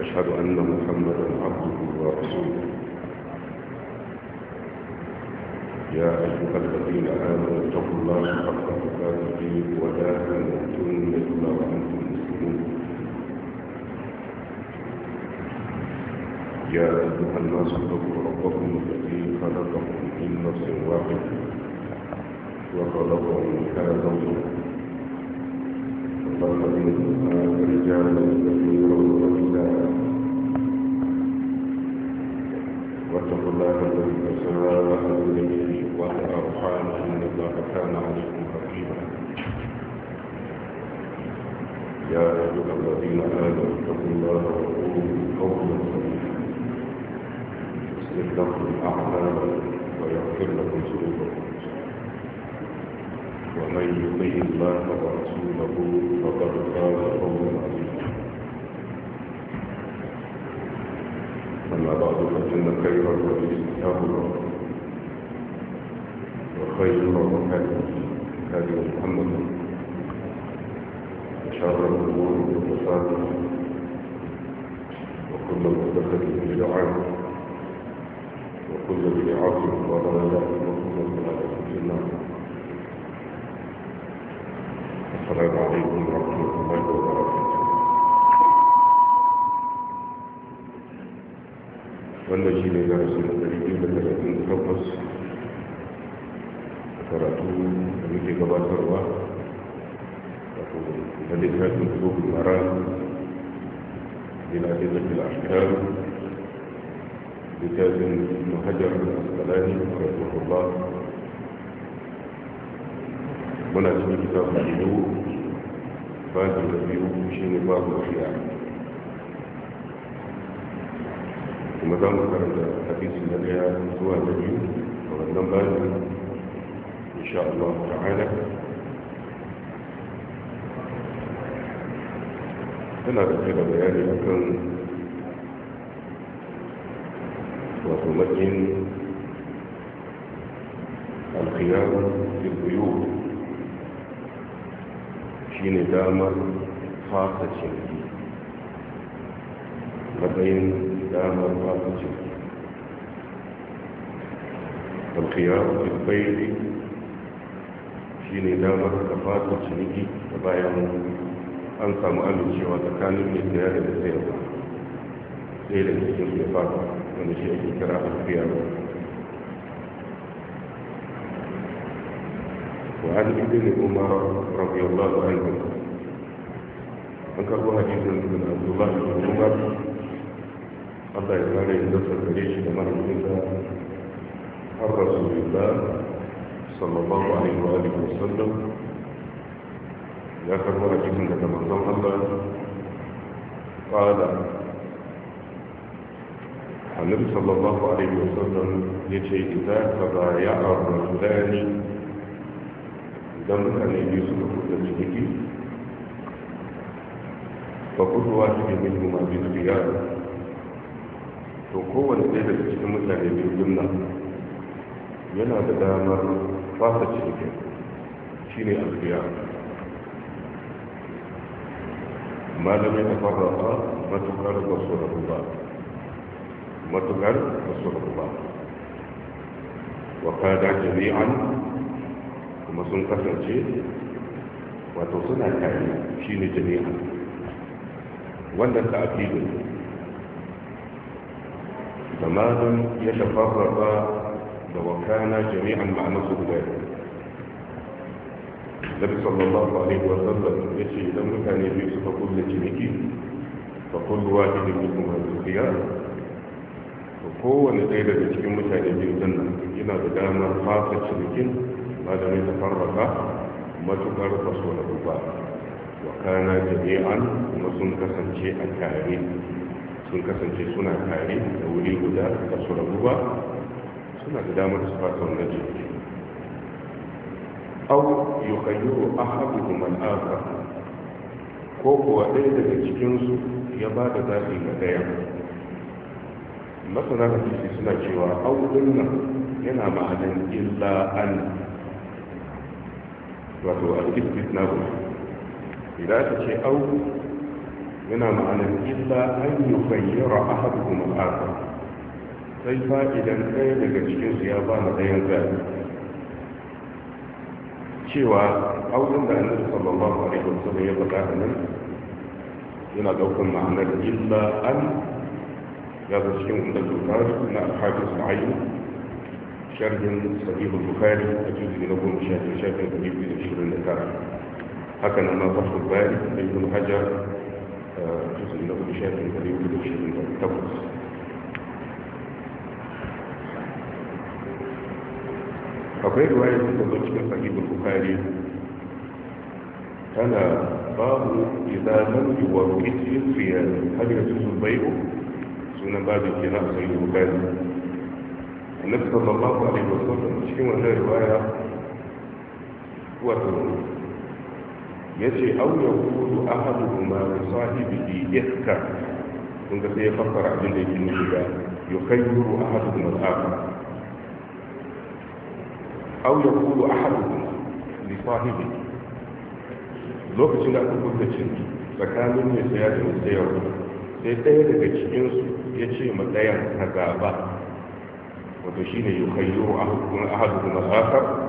أشهد أن محمدا عبده ورسوله يا أيها الذين آمنوا اتقوا الله حق تقاته ولا تموتن إلا وأنتم مسلمون يا أيها الناس اتقوا ربكم الذي خلقكم من نفس واحد وخلق منها زوجها واتقوا الله الذي تساءلون والارحام ان الله كان عليكم رقيبا يا ايها الذين امنوا اتقوا الله وقولوا قولا سديدا يصلح لكم اعمالكم ويغفر لكم ذنوبكم ومن يطيع الله ورسوله فقد فاز فوزا عظيما أما بعد فإن خير الحديث كتاب الله وخير الهدي هدي محمد وشر الأمور محدثاتها وكل محدثة بدعة وكل بدعة وضلاله وكل ضلالة في النار السلام عليكم ورحمة الله وبركاته والذين إلى رسول الذين الذين تخبص فراتون ومثل قبال فروا الذين هاتوا قلوب المرأة للعزيزة الأحكام بجاز المهجر من أسقلاني رحمه الله ولا في كتاب مجيده فانت تبيه بشيء نباه وفي أعلم وما دام كانت حديث النبي هو النبي وغنم بعد إن شاء الله تعالى أنا بخير بيالي يعني لكن وتمكن القيام في البيوت ne damar fasa cinki matsayin damar fasa cinki alkhiyar shi ne damar da fasa ciniki da bayan an samu amincewa tsakanin mai saya da sayarwa sai da cikin ya fasa wanda shi ake kira وعن ابن عمر رضي الله عنه أنكر حديث من عبد الله بن عمر الله يبارك في نفس الحديث كما عن رسول الله صلى الله عليه وآله وسلم آخر مرة جبنا كما الله قال النبي صلى الله عليه وسلم يجي إذا تبايع الرجلان idan mutane biyu suka kuɗa ciniki ba kudu wa su nemi ma biyu su yara to kowane ɗaya daga cikin mutane biyu nan yana da damar fasa cikin shi ne alfiya malamai da farrafa matukar ba su rabu ba matukar ba su rabu ba wa kada jami'an kuma sun kasance wato suna tare shi ne jami'a wannan ta'afilu zamanin ya tafarraba da wakana jami'an ma'anarsu guda Nabi sallallahu alaihi wa sallam ya ce idan mutane biyu suka kulle ciniki fa kullu wahidin minhum al-khiyar to kowanne ɗaya daga cikin mutane biyu din nan yana da damar fasa cinikin ba da mai tafarraka matukar ba su da ba wa kana jami'an kuma sun kasance a tare sun kasance suna tare da wuri guda da su da duba, suna da damar su fata wannan jirgi au a haɗu kuma akhar ko kuwa ɗaya daga cikinsu ya ba da zaɓi ga ɗaya masana hadisi suna cewa au dinnan yana ma'anin illa an wato al-istisna'u idan aka ce au yana ma'anar illa an yi bayyara a haɗu kuma al'asa sai fa'idan ɗaya daga cikinsu ya ba na ɗayan zaɓi cewa auren da annabi sallallahu alaihi wasallam ya faɗa da nan yana ɗaukar ma'anar illa an ya zo cikin wanda tutar na alhaji su'ayi شرح صحيح bukhari a cikin na goma الجزء shafin da biyu da shirin da tara haka nan ma fasul bari hajar a cikin na shafin shirin da akwai ruwaya da ta cikin bukhari tana babu idanun yiwuwar kicin siyar har yanzu sun bai'u sunan bukhari annabi sallallahu alaihi wasallam cikin wannan riwaya wato yace au yaqulu ahaduhuma li sahibihi ihka kun ga sai ya fassara abin da yake nufi da yukhayyiru ahaduhuma al-akhar au yaqulu ahaduhuma li sahibihi lokacin da aka kuka cinki tsakanin mai saya da mai sayarwa sai ɗaya daga cikinsu ya ce ma ɗayan ka gaba وتشين يخير أحدهما الآخر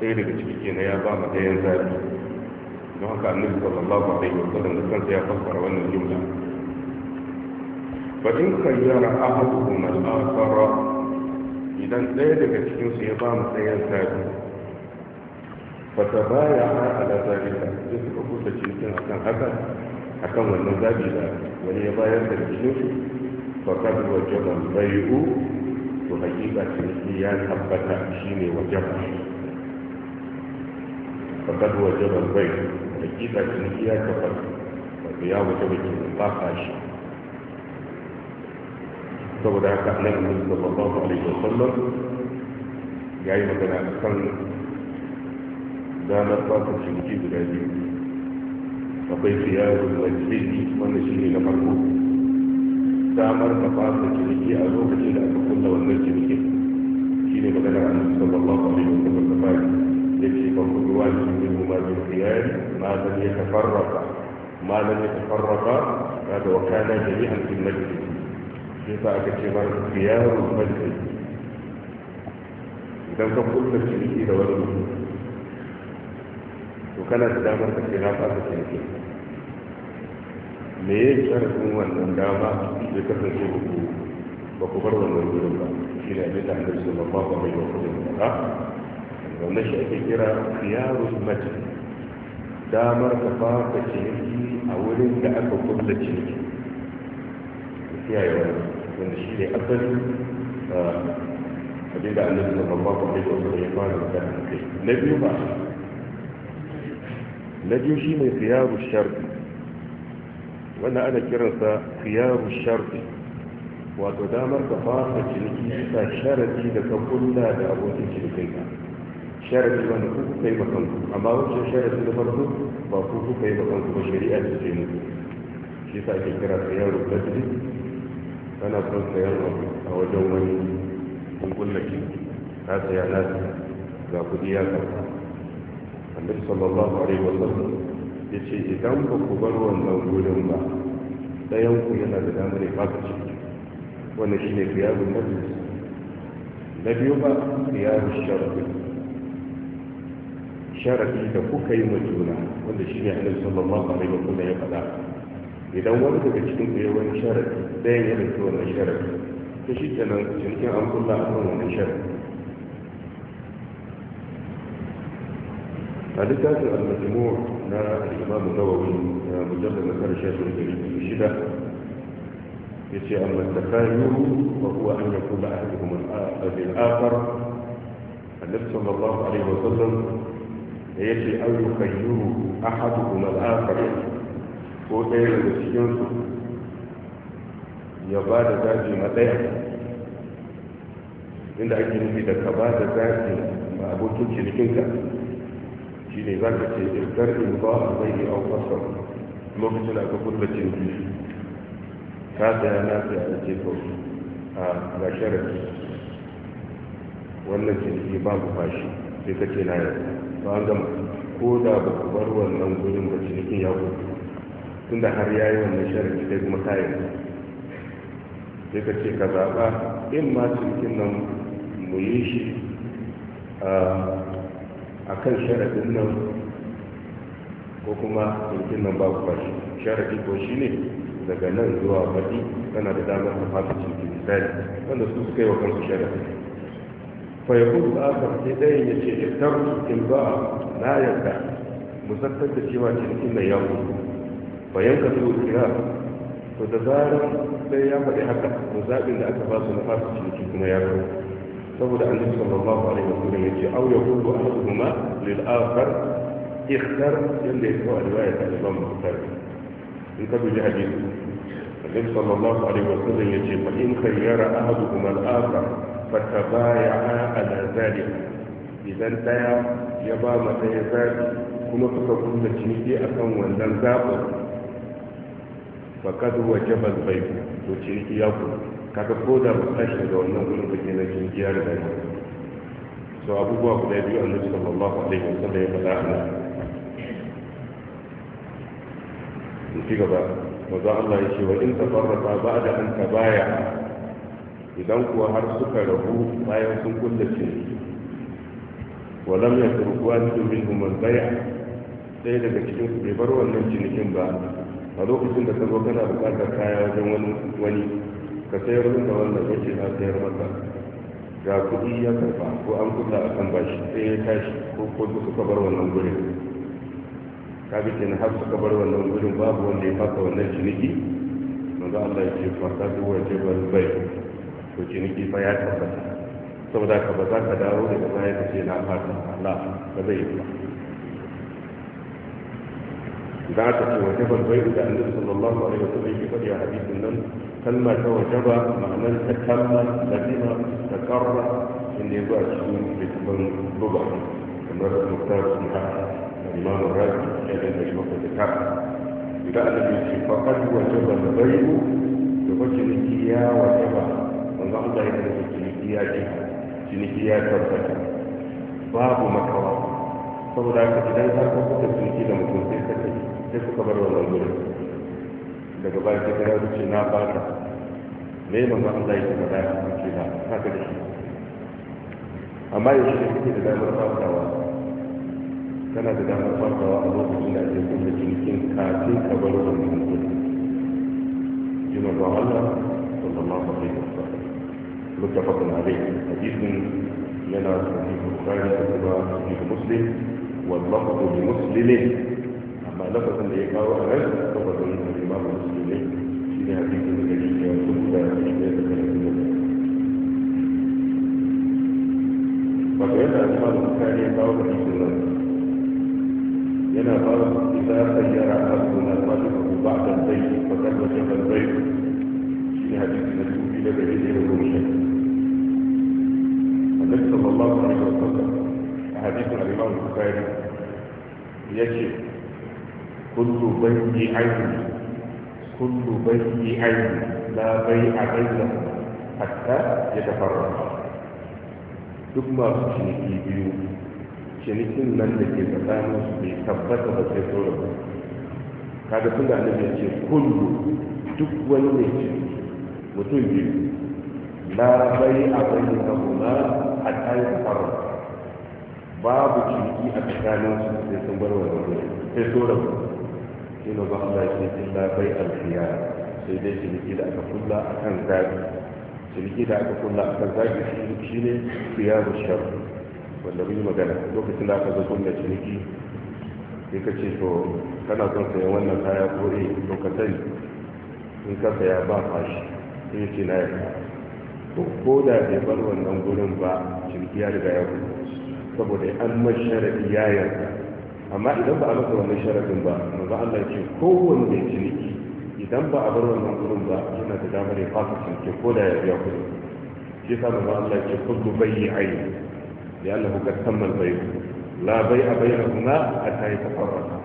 تيري بتشكين يا بابا تيان زاد نوكا النبي صلى الله عليه وسلم كان سيتصبر وأن الجملة فإن خير أحدكم الآخر إذا تيري بتشكين يا بابا تيان زاد فتبايع على ذلك جزء أبوسة جنسين أكان هذا أكان من ذلك وليبايع تلك جنسين فقد وجب البيع to hakika ciniki ya tabbata shine wajaba fakad wajaba bai hakika ciniki ya tabbata wato ya wajaba kenan ba fashi saboda haka annabi sallallahu alaihi wasallam ya yi magana a kan damar ba su ciniki guda biyu akwai siyarar wajibin wannan shine na farko damar da fasa ciniki a lokacin da aka kunna wannan cinikin shi ne magana a nan sallallahu alaihi wa sallam da fari ya ce ban kudu wani min huma min khiyari ma lam yatafarraqa ma lam yatafarraqa kada wa kana jami'an fil majlis shi yasa aka ce ba ma khiyaru majlis idan ka kulla ciniki da wani mutum to kana da damar ka ce na fasa cinikin me ya yi sharafin wannan dama ya kasance ba ku ba ku bar wannan wurin ba shi ne abin da annabi sallallahu alaihi wa sallam ya faɗa wannan shi ake kira khiyarul majlis damar ka fara ciniki a wurin da aka kulla ciniki kiyaye wannan wanda shi ne asali abin da annabi sallallahu alaihi wa sallam ya fara magana kai na biyu ba na biyu shi ne khiyarul sharri wannan ana kiransa khiyaru sharfi wato damar ka fasa ciniki ta sharadi da ka kulla da abokin cinikin ka sharadi wanda ku kuka yi makan amma wancan sharadi da farko ba ku kuka yi makan ba shari'a da ce muku shi sa ake kira khiyaru kadri kana son sayar abu a wajen wani kun ta ki ka saya na ga kudi ya karba annabi sallallahu alaihi wasallam ya ce idan ba ku bar wannan wurin ba ɗayan ku yana da damar ya baka ciki wannan shi ne khiyarun na biyu na biyu ba khiyarun sharafi sharafi da kuka yi ma juna wanda shi ne annabi sallallahu alaihi wa sallam ya faɗa idan wani daga cikin ku ya wani sharafi ɗayan ya rufe wannan sharafi ta shi kenan cikin an kulla a kan wannan sharafi a littafin al-majmu' na al'imamu nawawi na mujallar na karshe su da rikin shida ya ce a amma takayuru wa kuwa an ya kula a cikin al'adil a annabi sallallahu alaihi wa sallam da ya ce an yi kayyuru a haɗu kuma al'akar ko ɗaya daga cikinsu ya ba da zafi na ɗaya inda ake nufi da ka ba da zafi ma abokin cinikinka ne za ka ce irdar in ba a bai a wasan lokacin aka kuma cin biyu ka saya na saya na ce to a ga sharafi wannan ciniki mu fashi sai ka ce na yau ba an gama ko da ba ku bar wannan gudun ba cinikin ya tun da har ya yi wannan sharafi sai kuma ta yi. sai ka ce ka zaɓa in ma cinikin nan mu yi shi a kan sharaɗin nan ko kuma yankin nan ba ku bashi sharaɗi ko shi ne daga nan zuwa baɗi tana da damar ta fasa cikin misali wanda su suka yi wa kansu sharaɗi fa ya kudu aka sai ɗayan ya ce ya taru cikin ba na yarda musattar da cewa cikin nan ya kudu bayan ka zuwa kira to da zarar sai ya faɗi haka zaɓin da aka ba su na fasa cikin kuma ya kudu لابد أن يسأل الله عليه وسلم يجي أو يقول أحدهما للآخر اختر اللي هو رواية الإمام مختار انتبه لهذه النبي صلى الله عليه وسلم يجي فإن خير أحدهما الآخر فتبايعا على ذلك إذا انت يا بابا تيزاد كما تقول لك نجي أكون وندم فقد وجب البيت وتشيكي يقول kaga ko da ba tashi daga wannan gurin ba ke na ya da ya so abubuwa guda biyu annabi sallallahu alaihi wasallam ya faɗa a nan ci gaba maza Allah ya ce wa in tafarrafa ba'da an tabaya idan kuwa har suka rabu bayan sun kulla ciniki wa lam yatruku ahadun min al baya sai daga cikin su bai bar wannan cinikin ba a lokacin da ta zo kana buƙatar kaya wajen wani ka sayar min da wannan yake na sayar mata ga kuɗi ya karɓa ko an kuɗa a kan bashi sai ya tashi ko ko suka bar wannan gurin ka bi kenan har suka bar wannan gurin babu wanda ya fasa wannan ciniki manzo Allah ya ce farka duk wace ban bai to ciniki fa ya tabbata saboda ka ba za ka dawo da ba ya ce na fata Allah ba zai yi ba بعثت وجب الغير لأن النبي صلى الله عليه وسلم في فتح حديث النمل فلما توجب معنى تكلم لزم استقر النزاع من بضع كما رأى المختار في الإمام الرازي في هذا المجموع الذي بعد الفتح فقد وجب الغيب بوجه الإنجيا وجب والله لا يدرك الإنجيا جهة الإنجيا تركتها باب مكرم فهو لا يستطيع أن يكون الإنجيا مكرم sai suka bar wannan gurin daga baya sai ta yaro ce na baka me ne manzo Allah yake faɗa ce na haka da shi amma yanzu da kake da damar farkawa kana da damar farkawa a lokacin da ake kuma jirgin kafin ka bar wannan gurin ji manzo Allah sallallahu alaihi wasallam متفق عليه حديث لنا صحيح البخاري وصحيح مسلم واللفظ لمسلم a lafazin da ya kawo a nan lafazin da imamu musulmi shi ne hadisi da gari ya dubu da shi ne da karatu da wato yadda a cikin bukari ya kawo hadisin nan yana fara isa sayyara a suna masu abu ba da zai fakar da shekar zai shi ne hadisi da dubu da gari ya dubu shi annabi sallallahu alaihi wasallam a hadisin al-imam bukari ya ce كل بيع عين كل بيع عين لا بيع bainahu حتى يتفرق duk masu ciniki biyu cinikin nan da ke tsakanin su bai tabbata ba sai tsoro rabu kaga tun da annabi ce kullu duk wani ne ce mutum biyu la bai a bai da kuma a tsayin faru babu ciniki a tsakanin su sai sun bar wani sai shi ne ba Allah ke illa bai alfiya sai dai ciniki da aka kulla a kan zabi ciniki da aka kulla a kan zabi shi ne fiyaru shar wanda mun yi magana lokacin da aka zo kulla ciniki sai ka ce to kana son sayan wannan kaya ko eh to ka sani in ka saya ba fashi sai ce na yi to ko da bai bar wannan gurin ba ciniki ya riga ya kulla saboda an masharaɗi ya yarda amma idan ba a masa wannan sharadin ba manzo Allah ya ce kowanne mai ciniki idan ba a bar wannan gurin ba yana da damar ya fasa ciniki ko da ya biya kuɗi shi sa manzo Allah ya ce kullu bai'ain ya Allah ka tammal bai'u la a ta yi yatafarraqa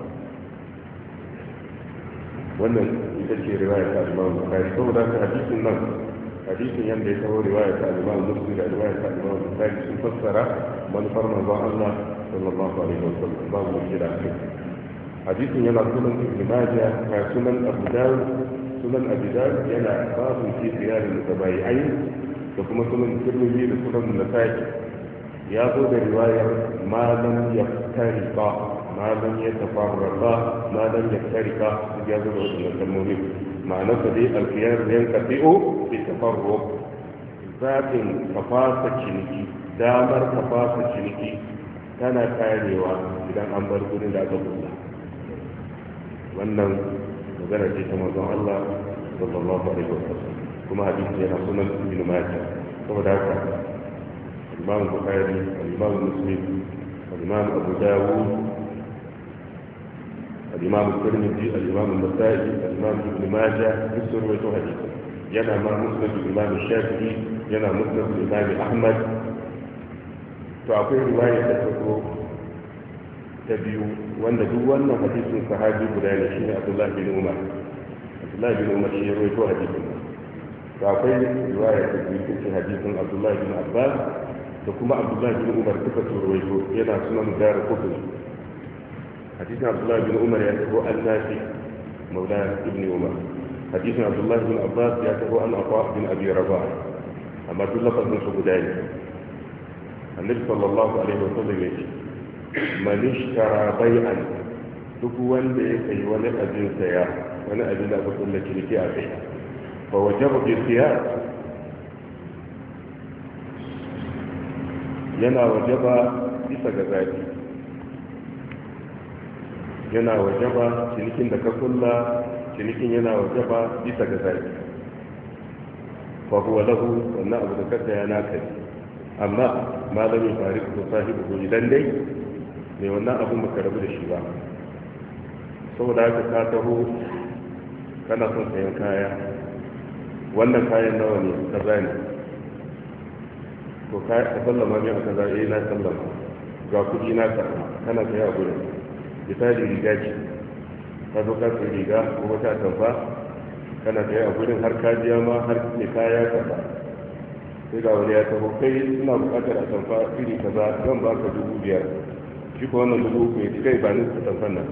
wannan ita ce riwaya ta Imam Bukhari saboda ka hadisin nan hadisin yadda ya kawo riwaya ta Imam Muslim da riwaya ta Imam Bukhari sun fassara manufar manzo Allah sallallahu alaihi wasallam kira hadisin yana sunan ibn majah ka sunan abu dawud sunan abu dawud yana babu da ziyarar tabaiyai da kuma sunan tirmidhi da sunan nasa'i ya zo da riwayar malam ya tari ba malam ya tafarra ba ya ba ya zo da wannan kalmomi ma'ana ta dai alkiyar yan kafi'u bi tafarru zaɓin ka fasa ciniki damar ka fasa ciniki tana karewa idan an bar gurin da aka kula wannan magana ce ta manzon Allah sallallahu alaihi wasallam kuma hadisi yana sunan ibn majah saboda haka imam bukhari imam muslim imam abu dawud imam tirmidhi imam an-nasa'i imam الإمام majah duk sun سورة hadisi yana ma musnad imam shafi'i yana musnad imam ahmad to akwai riwaya da ta zo ta biyu wanda duk wannan hadisin sahabi guda ne shine Abdullah bin Umar Abdullah bin Umar shi ya rawaito hadisin to akwai riwaya ta biyu ta ce hadisin Abdullah bin Abbas da kuma Abdullah bin Umar duka su rawaito yana sunan Dara Qutb hadisin Abdullah bin Umar ya tabo Al-Nafi Maulana Ibn Umar hadisin Abdullah bin Abbas ya tabo An-Ata bin Abi Rabah amma duk lafazin su guda ne annabi sallallahu alaihi wasallam ya ce man ishtara bay'an duk wanda ya kai wani abin saya wani abin da aka kulla ciniki a kai fa wajabu bi siyar yana wajaba bisa ga zafi yana wajaba cinikin da ka kulla cinikin yana wajaba bisa ga zafi fa huwa lahu wannan abu da kada ya naka ne amma malamin faru ko sahibu ko idan dai mai wannan abin baka rabu da shi ba saboda haka ka taho kana son sayan kaya wannan kayan nawa ne kaza ne to ka sallama min a kaza eh, na sallama ga kuɗi na ka kana kai a gurin misali riga ce ka zo ka sai riga kuma ta tamfa kana kai a gurin har ka ma har ne kaya kaza sai ga wani ya taho kai suna bukatar a tamfa iri kaza zan ka dubu biyar shi ko wannan dubu uku ya kai ba ni su tamfan nan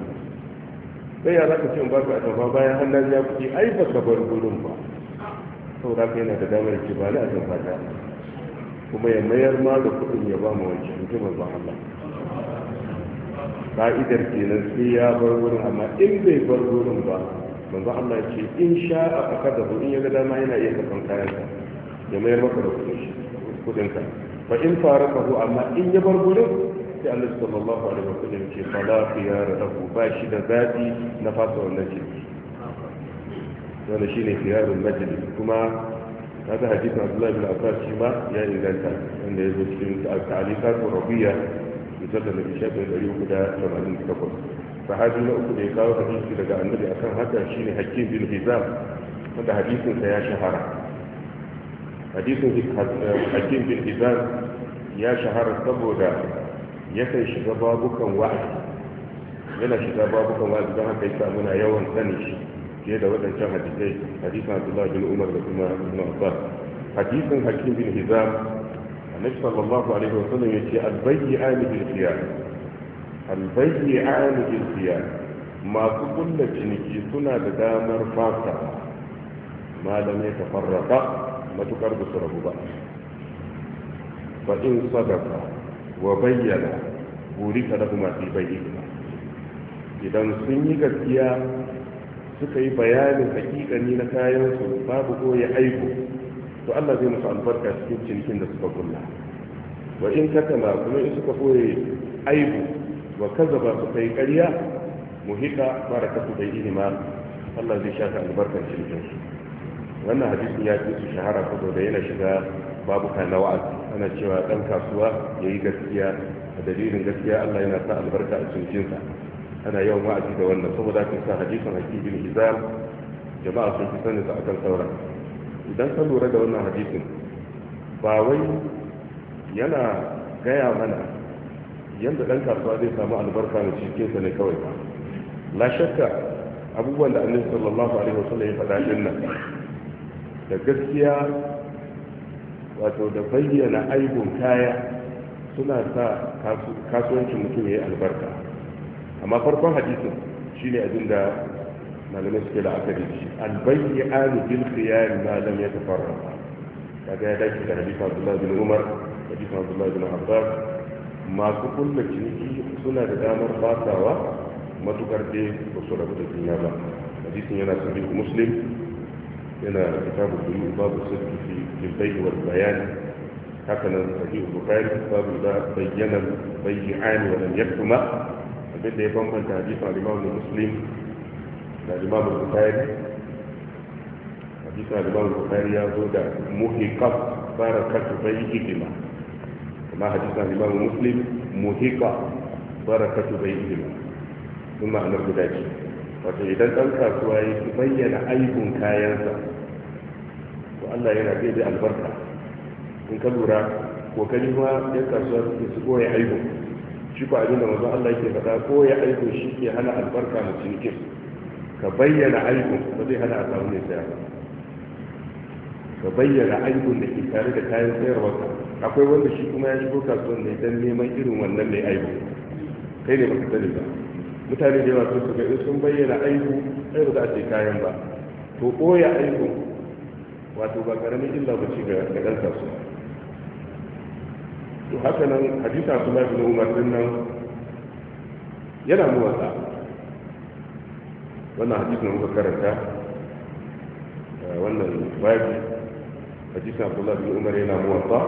sai ya zaka ce in baka a tamfa bayan hannun ya kuɗi ai ba ka bar gurin ba sau da ka yana da damar ki ba ni a tamfa ta kuma ya mayar ma da kuɗin ya ba mu wanki in ji Allah ka'idar kenan sai ya bar wurin amma in bai bar wurin ba manzon Allah ce in sha a da in ya ga dama yana iya kafan kayan ya mayar maka da kudin shi kudin ka fa in fara fahu amma in ya bar gurin sai Allah sallallahu alaihi wasallam ce fa la khiyara lahu ba shi da zabi na fasa wannan ciniki wannan shine khiyarul majlis kuma هذا حديث عبد الله بن عباس شيما يا إذا كان أن يزوجين التعليقات الربية يزد النبي شاب الأيوب دا ثمانين كفر فهذا ما أقول إيقاو حديث لقى النبي أكان هذا شيني حكيم بن هزام هذا حديث سيا شهرة hadisin hakim bin hizar ya shahara saboda yakan shiga babukan wa'azi yana shiga babukan wa'azi don haka yasa muna yawan sani shi fiye da waɗancan hadisai hadisin abdullahi bin umar da kuma ibn abbas hadisin hakim bin hizar annabi sallallahu alaihi wasallam yace albayyi'ani bil khiyar albayyi'ani bil khiyar masu kulla ciniki suna da damar fasa malamai tafarraka matukar da su rabu ba fa in sadaka wa bayyana buri ta rabu masu bayyana idan sun yi gaskiya suka yi bayanin hakikani na kayan su babu ko ya aiko to Allah zai musu albarka cikin cinikin da suka kulla wa in katama kuma in suka koye aibu wa ba suka yi ƙarya muhika barakatu bai ilima Allah zai shaka albarkar cinikin su wannan hadisin ya fi su shahara da yana shiga babuka na wa'azi ana cewa dan kasuwa ya yi gaskiya a dalilin gaskiya Allah yana sa albarka a cikinsa ana yawan wa'azi da wannan saboda kan sa hadisin hakim bin hizam jama'a sun fi sani sa akan sauran idan ka lura da wannan hadisin ba wai yana gaya mana yadda dan kasuwa zai samu albarka na cikinsa ne kawai ba la shakka abubuwan da annabi sallallahu alaihi wasallam ya faɗa din da gaskiya wato da bayyana aibun kaya suna sa kasuwancin mutum ya yi albarka amma farkon hadisin ne abin da malamai suke la'akari shi albayyi anu bil khiyar ma lam yatafarraqa ya dace da hadisa abdullahi bin Umar hadisa abdullahi bin Abbas masu kulla ciniki suna da damar fasawa matukar dai ba su rabu da juna ba hadisin yana sabi muslim yana da kitabul bulu babu sirri fi jilbai wal bayan haka nan sahih bukhari babu da bayyana bayyan wa lam yaktuma abin da ya bambanta hadisin al-imam muslim da al-imam bukhari hadisin al-imam bukhari ya zo da muhiqat barakat bayyihima kuma hadisin al-imam muslim muhiqa barakatu bayyihima kuma anar guda ce wato idan ɗan kasuwa ya ki bayyana aibun kayansa to Allah yana zai da albarka in ka lura ko ka ji ma ɗan kasuwa suke su koya aikin shi ko abin da mazan Allah yake faɗa koya aikin shi ke hana albarka mu cinikin ka bayyana aikin ba zai hana a samu ne saya ba ka bayyana aikin da ke tare da kayan sayarwa akwai wanda shi kuma ya shigo kasuwan ne don neman irin wannan mai aikin kai ne baka sani ba mutane da yawa sun suka in sun bayyana aihu sai ba za a ce kayan ba to koya aihu wato ba karamin illa ba ce ga ɗan kasu to haka nan hadisa ma bin umar din nan yana muwasa wannan hadisin muka karanta eh, wannan babi hadisin abdullahi bin umar yana muwasa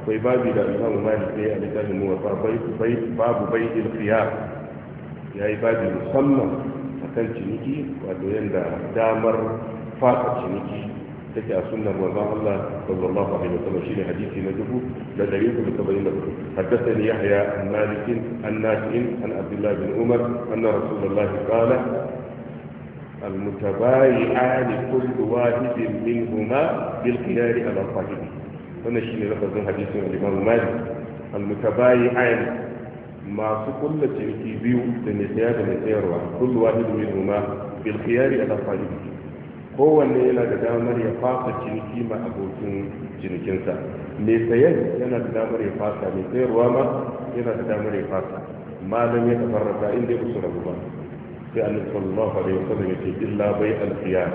akwai babi da imamu malik ne a littafin muwasa babu bai il ya yi babi musamman a kan ciniki wato yadda damar fasa ciniki take a sunan manzon Allah sallallahu alaihi shine hadisi na dubu da dari uku da saba'in da uku haddathani yahya an malik an nafi an abdullah bin umar anna qala masu kulla ciniki biyu da mai saya da mai sayarwa kullu wahid min ma bil khiyari ala sahibi kowanne yana da damar ya fasa ciniki ma abokin cinikinsa mai sayan yana da damar ya fasa mai sayarwa ma yana da damar ya fasa malam ya tafarraka inda ya kusa rabu ba sai annabi sallallahu alaihi wasallam ya ce illa bai al khiyar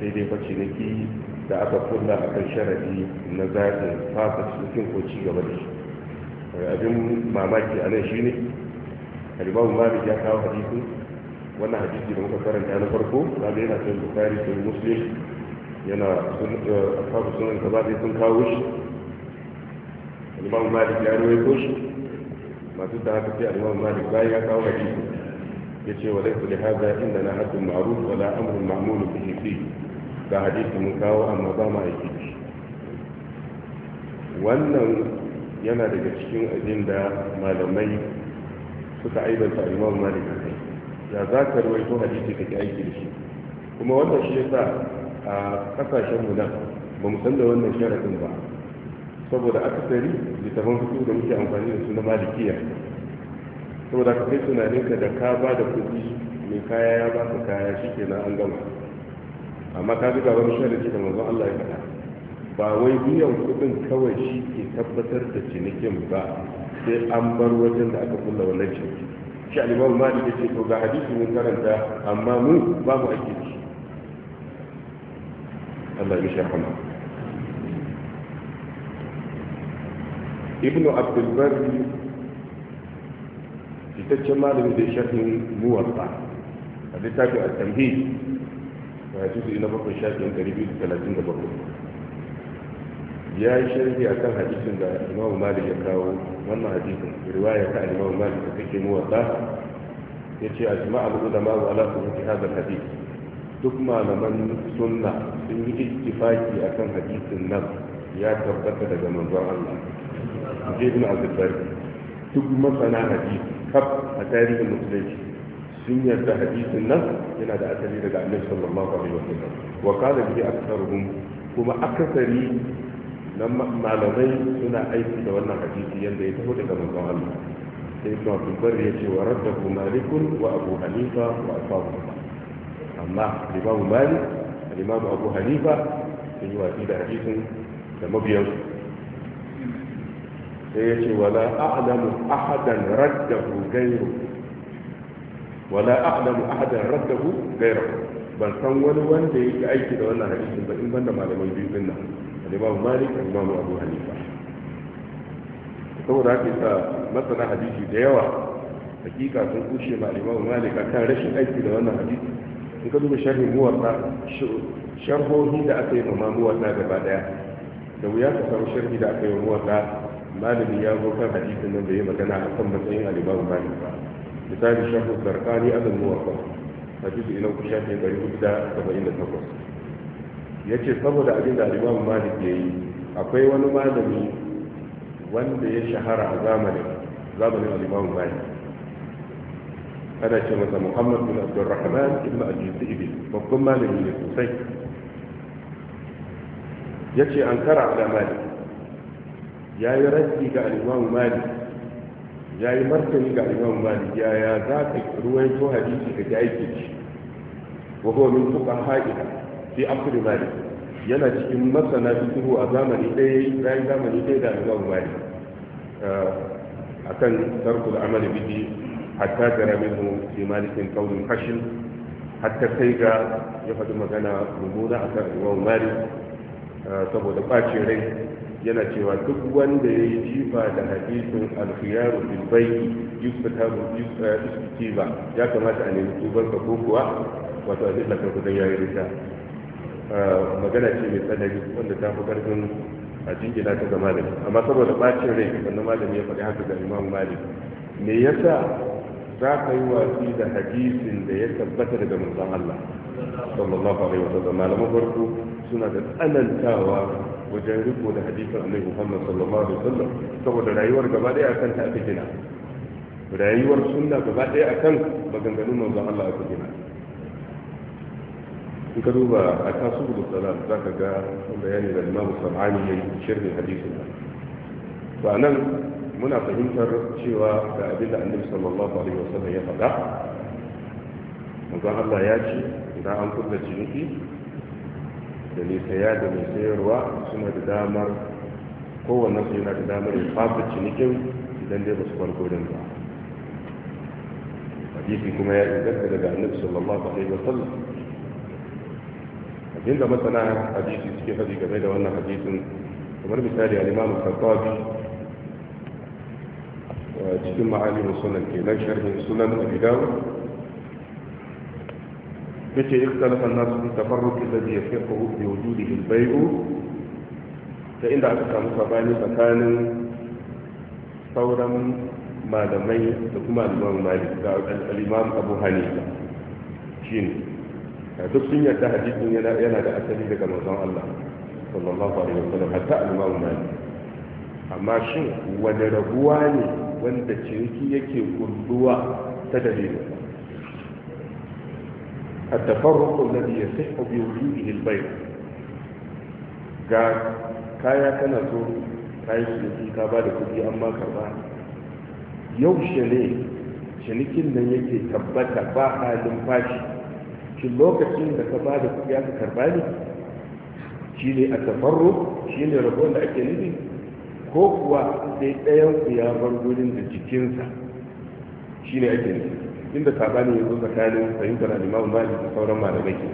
sai dai fa ciniki da aka kulla a kan sharadi na zaɓin fasa cinikin ko ci gaba da shi abin mamaki a nan shi ne alimamu malik ya kawo hadisin wannan hadisi da muka karanta na farko zaɓe yana sun bukari sun muslim eh, yana asabu sunan ka zaɓe sun kawo shi alimamu malik ya ruwaito shi masu da haka sai alimamu malik bayan ya kawo hadisi ya ce wa laifu da haza inda na haddun maru wala amurin ma'mulun da fi ga hadisi mun kawo amma ba ma aiki wannan yana daga cikin abin da malamai suka ta imam malik ya za ka rawaito hadisi ka ke aiki da shi kuma wannan shi yasa a kasashen mu nan ba mu san da wannan sharadin ba saboda akasari littafin hutu da muke amfani da su na malikiya saboda ka kai tunaninka da ka ba da kuɗi mai kaya ya ba ka kaya shi na an gama amma ka ga wani sharadi da manzon Allah ya faɗa ba wai biyan kudin kawai shi ke tabbatar da cinikin ba sai an bar wajen da aka kulla wannan ciniki shi alimam malik yace to ga hadisi mun karanta amma mu ba mu ake shi Allah ya shafa mu ibnu abdul barri fitaccen malami da shafin muwatta a littafin al-tamhid wa hadisi ina bakwai shafin 237 ya yi sharhi akan hadisin da imamu malik ya kawo wannan hadisin riwaya ta imamu malik da mu muwatta ya ce a jima'a al'ulama wa ala su hutu hadar hadis duk malaman sunna sun yi ittifaki akan hadisin nan ya tabbata daga manzon Allah je ibn abdulbar duk masana hadisi kaf a tarihin musulunci sun yarda hadisin nan yana da asali daga annabi sallallahu alaihi wasallam wa qala bihi aktharuhum kuma akasari nan malamai suna aiki da wannan hadisi yadda ya taho daga manzon Allah sai ibn Abdul Barr ya ce wa raddahu Malik wa Abu Hanifa wa ashabu amma Imam Malik Imam Abu Hanifa sun yi wasi da hadisin da mabiyansu sai ya ce wala a'lamu ahadan raddahu gairu wala a'lamu ahadan raddahu gairu ban san wani wanda yake aiki da wannan hadisin ba in banda malamai biyu din nan al’imamu malik al’imamu abu hanifa saboda haka yasa masana hadisi da yawa hakika sun kushe ma al’imamu malik kan rashin aiki da wannan hadisi in ka duba sharhin muwatta sharhohi da aka yi ma muwatta gaba daya da wuya ka samu sharhi da aka yi muwatta malamin ya zo kan hadisin nan da ya magana a kan matsayin al’imamu malik ba misali sharhu zarqani azal muwatta hadisi ina ku shafi 478 ya ce saboda abin da alimamu malik ya yi akwai wani malami wanda ya shahara a zamanin zamanin alimamu malik ana ce masa muhammad bin abdurrahman ibn al-yusufi babban malami ne sosai ya ce an kara ala malik ya yi raddi ga alimamu malik ya yi martani ga alimamu malik yaya za ka to hadisi ga ji aiki wa huwa min fuqaha'ina fi amsuri mali yana cikin masana fikihu a zamani ɗaya bayan zamani ɗaya da imam malik eh, akan tarkul amali bihi hatta jara mu fi malikin qawlin hashin hatta sai ga ya faɗi magana mummuna kan imam mali eh, saboda ɓacin rai yana cewa duk wanda ya yi jifa da hadisin alkhiyaru bil bayi yusbata yusbata ya kamata a nemi tubar ka ko kuwa wato a zai lakar kudan yayi rita magana ce mai tsanani wanda ta fi karfin a jingina ta ga malami amma saboda bacin rai wannan malami ya faɗi haka ga imam malami me yasa za ka yi watsi da hadisin da ya tabbata daga manzon Allah sallallahu alaihi wasallam malaman farko suna da tsanantawa wajen riko da hadisin annabi Muhammad sallallahu alaihi wa wasallam saboda rayuwar gaba daya akan ta ake gina rayuwar sunna gaba daya akan maganganun manzon Allah ake gina in ka duba a tasu da salam za ka ga bayani da imamu sam'ani ya yi shirin hadisin to a nan muna fahimtar cewa ga abin da annabi sallallahu alaihi wasallam ya faɗa manzon Allah ya ce idan an kulla ciniki da mai saya da mai sayarwa suna da damar kowanne su yana da damar ya fafa cinikin idan dai ba su farko din ba hadisi kuma ya inganta daga annabi sallallahu alaihi wasallam inda masana hadisi suke faɗi game da wannan hadisin kamar misali al-imam al-khattabi cikin ma'alimin sunan kenan sharhin sunan abi dawud يتي اختلف الناس في التفرق الذي يفقه بوجوده البيع فإن أكثر مصابين فكان ثورا ما لمي لكما الإمام مالك الإمام abu حنيفة شين duk sun yarda hadisin yana yana da asali daga manzon Allah sallallahu alaihi wasallam hatta al-Imam Malik amma shin wani rabuwa ne wanda ciniki yake kulluwa ta dalilin التفرق الذي يصح بوجوده البيع ga kaya kana so kayan ciniki ka ba da kudi an ba karba yaushe cinikin nan yake tabbata ba halin fashi shi lokacin da ka bada ya kuɗi aka karɓa ne shi ne a tafarro shi ne rabon da ake nufi ko kuwa sai ɗayan ku ya bar gurin da jikinsa shi ne ake nufi inda saɓani ya zo tsakanin fahimtar alimamu malik da sauran malamai ke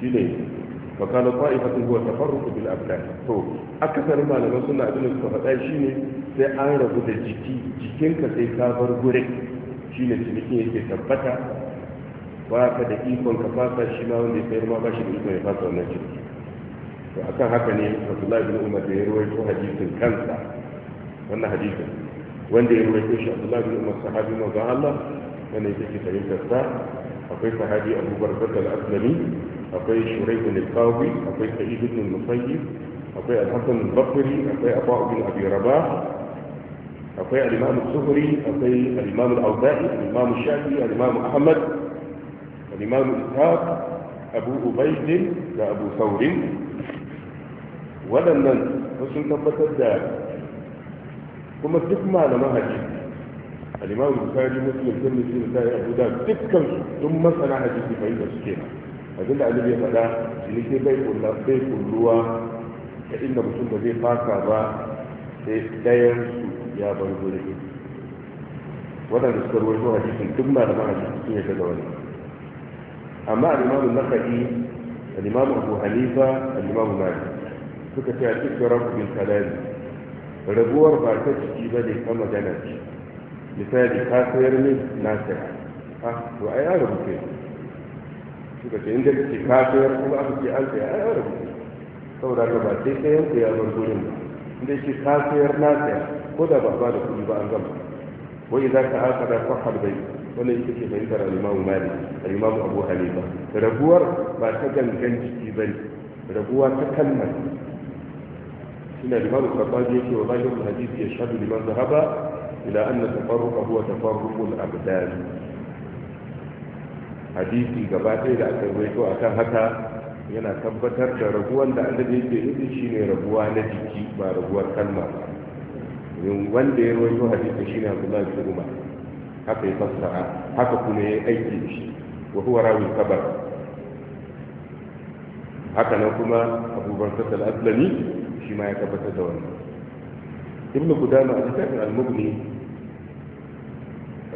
shi ne fakala ta'ifatun huwa da? bil abdani to akasarin malamai suna abin da suka faɗa shi ne sai an rabu da jiki jikinka sai ka bar gurin ne cinikin yake tabbata ba ka da ikon ka fasa shi ma wanda ya sayar ma ba shi da ikon ya fasa wannan ciniki to akan haka ne abdullahi bin umar da ya ruwaito hadisin kansa wannan hadisin wanda ya ruwaito shi abdullahi bin umar sahabi manzon Allah wanda ya take fahimtar sa akwai sahabi Abu Bakar al-Aslami akwai Shuraih al-Qawi akwai Sa'id ibn musayyib akwai Al-Hasan al-Basri akwai Abu ibn Abi Rabah akwai al-Imam al-Zuhri akwai al-Imam al-Awza'i al-Imam Shafi'i al-Imam Ahmad الإمام إسحاق أبو أبيد وأبو ثور waɗannan sun tabbatar da kuma duk malaman hadisi al-imam bukhari muslim tirmidhi da sai abu da dukkan sun masana hadisi bai da suke abin da alibi ya faɗa shi ne bai kulla da inda mutum ba zai faka ba sai ɗayan su ya bar gure waɗanda suka ruwaito hadisin duk sun wani أما الإمام النخعي الإمام أبو حنيفة الإمام مالك سكة تعتك رب من كلام ربور باكت جيبا دي كما جنج لفادي خاسر من ناسع أه وأي أعرف كيف سكة عندك في خاسر كما أعرف في ألف أي أعرف سورة ربا تيسين في أبو الظلم عندك في خاسر ناسع خدا بأبادك جيبا أنجمك وإذا كأكد صح البيت ولن يكتب عند الإمام مالك الإمام أبو حنيفة ربور ما تجن جنج إبن ربور تكمل إن الإمام الخطابي في وظاهر الحديث يشهد لمن ذهب إلى أن التفرق هو تفرق الأبدان حديثي قباتي لأكد ويتو أكام هكا ينا تبتر ربوان لأنه يجب أن يكون ربوان جيكي ربوان كلمة domin wanda ya rawaito hadisin shine Abdullahi bin Umar haka ya fassara haka kuma ya aiki da shi wa huwa rawi kabar haka nan kuma abubakar al-aslami shi ma ya tabbatar da wannan ibn qudama a cikin al-mughni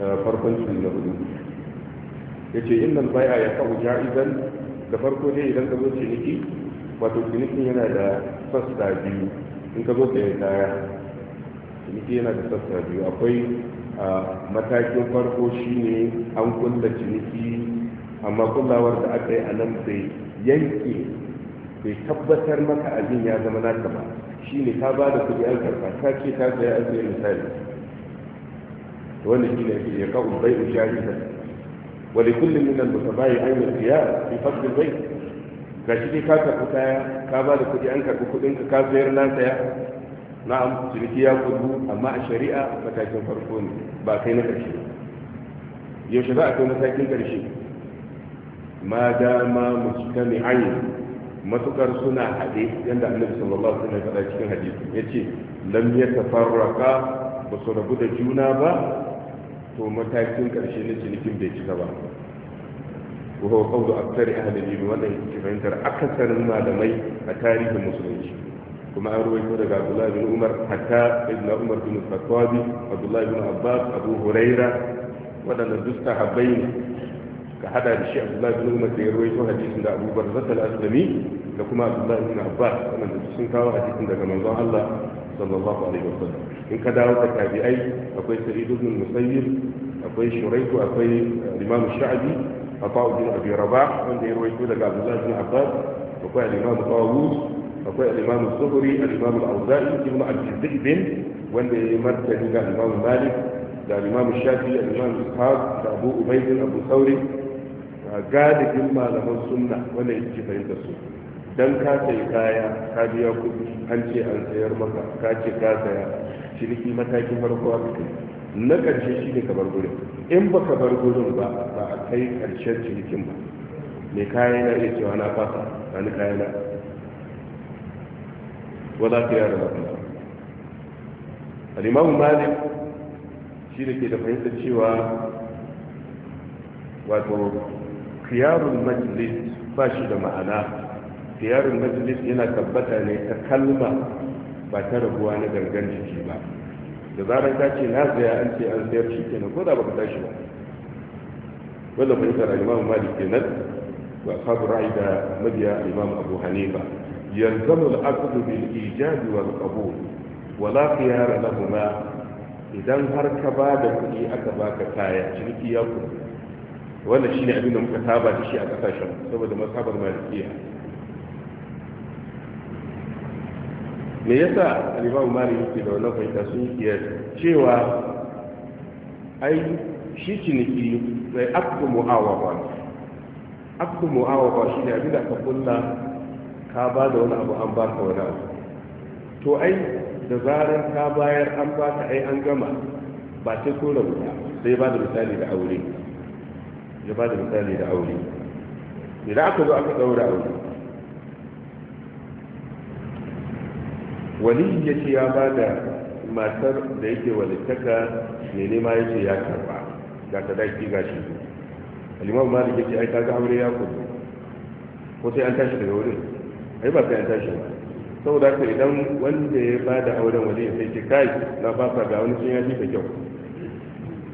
eh, farkon shi na hudu yace innal bai'a yaqau ja'izan da farko dai idan ka zo ciniki wato cinikin yana da fasta biyu in ka zo sayan kaya ciniki yana da sassa biyu akwai matakin farko shine an kulla ciniki amma kullawar da aka yi a nan sai yanke bai tabbatar maka abin ya zama naka ba shine ka ba da kuɗi an karfa ka ce ka saya an sayi misali wanda shine yake ya kawo bai ushahida wani kullum kulli min al bayi an yi qiyas fi fadl bai ga gashi ne ka karɓi kaya ka ba da kuɗi an karɓi kudin ka ka sayar na ya? na'am ciniki ya kudu amma a shari'a matakin farko ne ba kai na ƙarshe yaushe za a kai matakin ƙarshe ma dama mujtami ayin matukar suna haɗe yadda annabi sallallahu alaihi wasallam ya cikin hadisi yace lam yatafarraqa ba su rabu da juna ba to matakin ƙarshe na cinikin bai cika ba wa huwa qawlu aktsari ahli al-ilm wannan yake fahimtar akasarin malamai a tarihin musulunci kuma an ruwaito daga abdullahi bin umar hatta ibn umar bin fattabi abdullahi bin abbas abu huraira waɗanda duk sahabbai ne ka hada da shi abdullahi bin umar da ya ruwaito hadisin da abu barzata al-aslami da kuma abdullahi bin abbas waɗanda sun kawo hadisin daga manzon allah sallallahu alaihi wasallam in ka dawo ka tabi'ai akwai sa'id ibn musayyib akwai shuraiku akwai imam sha'bi akwai ibn abi rabah wanda ya ruwaito daga abdullahi bin abbas akwai imam tawus akwai al-imam az-zuhri al-imam al-awza'i ibn al-jibrin wanda ya martani ga al-imam malik da al-imam shafi al-imam ishaq da abu ubayd abu thawri galibin malaman sunna wanda yake fahimtar su dan ka sai kaya ka biya kudi an ce an sayar maka ka ce ka saya ciniki matakin farko a kai na ƙarshe shi ne kabar gurin in ba kabar bar gurin ba ba a kai ƙarshen cinikin ba mai kayan na iya cewa na fasa wani kayan na wala khiyar lahum al-imam malik shi da ke da fahimtar cewa wato khiyarul majlis ba shi da ma'ana khiyarul majlis yana tabbata ne ta kalma ba ta rabuwa na gangan jiki ba da zarar ka ce na tsaya an ce kenan ko da ba wanda fahimtar ra'ayi da mabiya al abu hanifa يلزم العقد بالإيجاب والقبول ولا خيار لهما idan har ka ba da kuɗi aka baka kaya ciniki ya kuma wannan shine abin da muka saba da shi a kasashen saboda masabar malikiya me yasa al-imam malik yake da wannan fahimta sun cewa shi ciniki sai akdu mu'awaba akdu mu'awaba shine abin da ka kulla ka ba da wani abu an baka wani abu to ai da zarar ka bayar an baka ai an gama ba sai ko rabu sai ba da misali da aure ya ba da misali da aure idan aka zo aka daura aure Wani ya ce ya ba da matar da yake walittaka ne nema ya ce ya karba ga ta daki ga shi alimam malik ya ce ai ga aure ya kudu ko sai an tashi daga wurin ai ba sai ya tashi ba saboda haka idan wanda ya ba da auren wani ya sai ce kai na ba ka ga wani sun ya ka kyau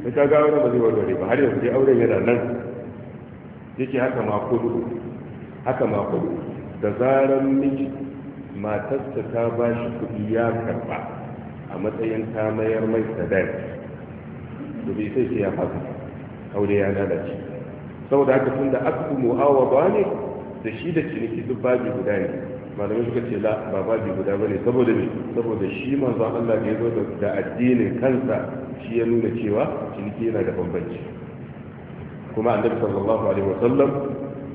sai ka ga auren ba zai warware ba har yanzu dai auren yana nan yake haka ma kudu haka ma kudu da zaran miji matarsa ta ba shi kuɗi ya karɓa a matsayin ta mayar mai sadar da bai sai ya fasa aure ya lalace saboda haka tun da aksu mu'awa ba ne da shi da ciniki duk babi guda ne malamai suka ce la ba babi guda ba ne saboda ne saboda shi manzon Allah da ya zo da addinin kansa shi ya nuna cewa ciniki yana da bambanci kuma annabi sallallahu alaihi Sallam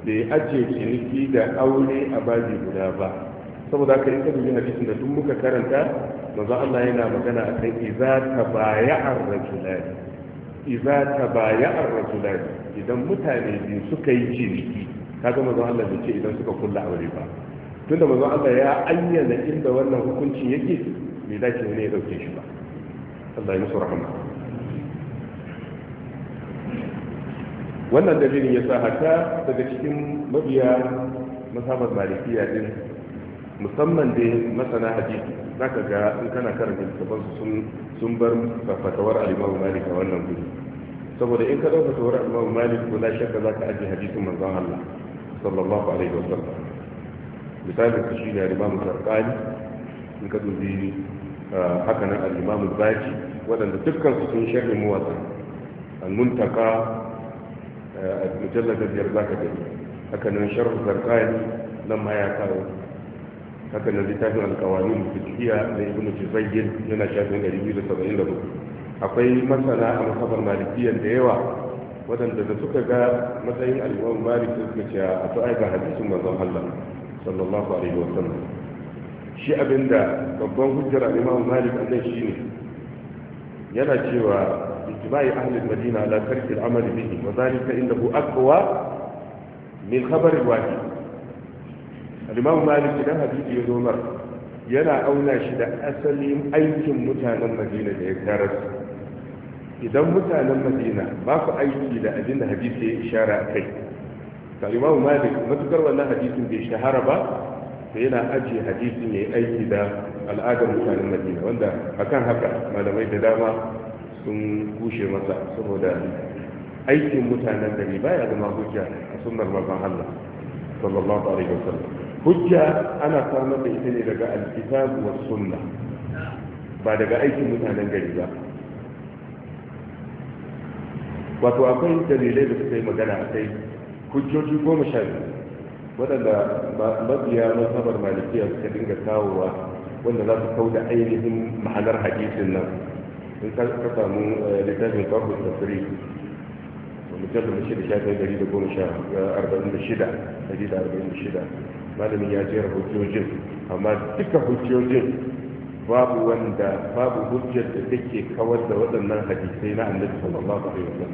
bai ajiye ciniki da aure a babi guda ba saboda haka in ka dubi hadisin da duk muka karanta manzo Allah yana magana akan idza tabaya'a rajulan idza tabaya'a rajulan idan mutane biyu suka yi ciniki kaga manzon Allah bai ce idan suka kulla aure ba tunda manzon Allah ya ayyana inda wannan hukunci yake bai dace ne ya dauke shi ba Allah ya musu rahama wannan dalilin ya sa haka daga cikin mabiya masabar malikiya din musamman dai masana hadisi zaka ga in kana karanta littafin su sun sun bar fatawar al-Imam Malik a wannan guri saboda in ka dauka fatawar al-Imam Malik ko la shakka zaka aje hadisin manzon Allah sallallahu alaihi wasallam misalin ka shine al-imam zarqani in ka dubi ah, haka nan al-imam baki wadanda dukkan su sun sharhi muwatta al-muntaka ah, mujallad biyar zaka gani haka nan sharh zarqani nan ma ya kawo haka nan litafin al-qawanin fiqhiyya da ibnu juzayyin yana shafin 274 akwai masana a khabar malikiyan da yawa waɗanda da suka ga matsayin al'imam malik da suka ce a to aika hadisin manzon Allah sallallahu alaihi wa sallam shi abinda babban hujjar al'imam malik a nan ne yana cewa ijma'i ahli madina ala tarki al'amali bihi wa zalika innahu aqwa min khabar wahid al'imam malik idan hadisi ya zo mar yana auna shi da asalin aikin mutanen madina da ya tarar idan mutanen madina ba ku aiki da abin da hadisi ya ishara a kai ka imamu malik matukar wannan hadisin bai shahara ba Sai yana ajiye hadisin ya yi aiki da al'adar mutanen madina wanda akan haka malamai da dama sun kushe masa saboda aikin mutanen gari ya zama hujja a sunnar manzon Allah sallallahu alaihi wasallam hujja ana samar da ita ne daga alkitab wa sunna ba daga aikin mutanen gari ba wato akwai dalilai da suka yi magana a kai hujjoji goma sha biyu waɗanda mabiya masabar malikiya suka dinga kawowa wanda za su kau da ainihin ma'anar hadisin nan in ka samu eh, littafin kwarfus tafsiri mutum da shida sha ɗaya gari da goma sha eh, arba'in da shida gari da arba'in da shida malamin ya jera hujjojin amma duka hujjojin babu wanda babu hujjar da take kawar da waɗannan hadisai na annabi sallallahu alaihi wasallam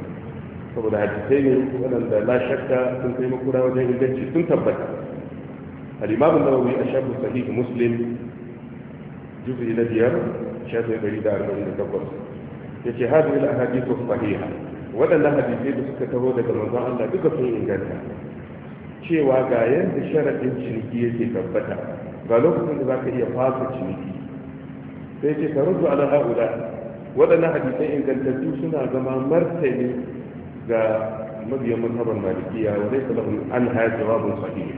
saboda hadisai ne waɗanda la shakka sun kai makura wajen inganci sun tabbata al-imam an-nawawi a shafin sahih muslim juz'i na biyar shafin ɗari da arba'in da takwas ya ce hadin al-ahadithu sahiha waɗannan hadisai da suka taho daga manzon Allah duka sun inganta cewa ga yadda sharaɗin ciniki yake tabbata ga lokacin da za ka iya fasa ciniki sai ce taruddu ala haula waɗannan hadisai ingantattu suna zama martani ga mabiyan mazhabar malikiya wa laysa lahum anha jawabun sahih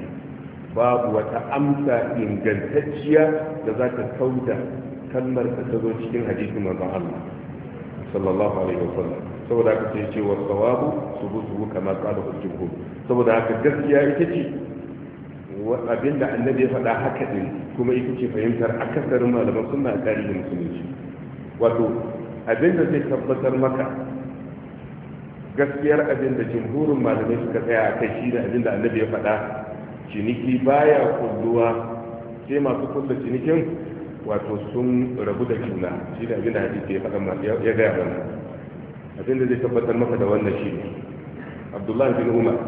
babu wata amsa ingantacciya da za ta kauda kalmar ta zo cikin hadisin manzon Allah sallallahu alaihi wasallam saboda haka sai ce wa sawabu subu subu kama qala al-jumhur saboda haka gaskiya ita ce abinda annabi ya faɗa haka din kuma ita ce fahimtar akasarin malaman sunna a tarihin musulunci wato abinda zai tabbatar maka gaskiyar abinda jimhurin malamai suka tsaya a kai shi da abinda annabi ya faɗa ciniki baya kulluwa sai masu kulla cinikin wato sun rabu da juna shi da abinda hadisi ya faɗa ya gaya mana abinda zai tabbatar maka da wannan shi ne abdullahi bin umar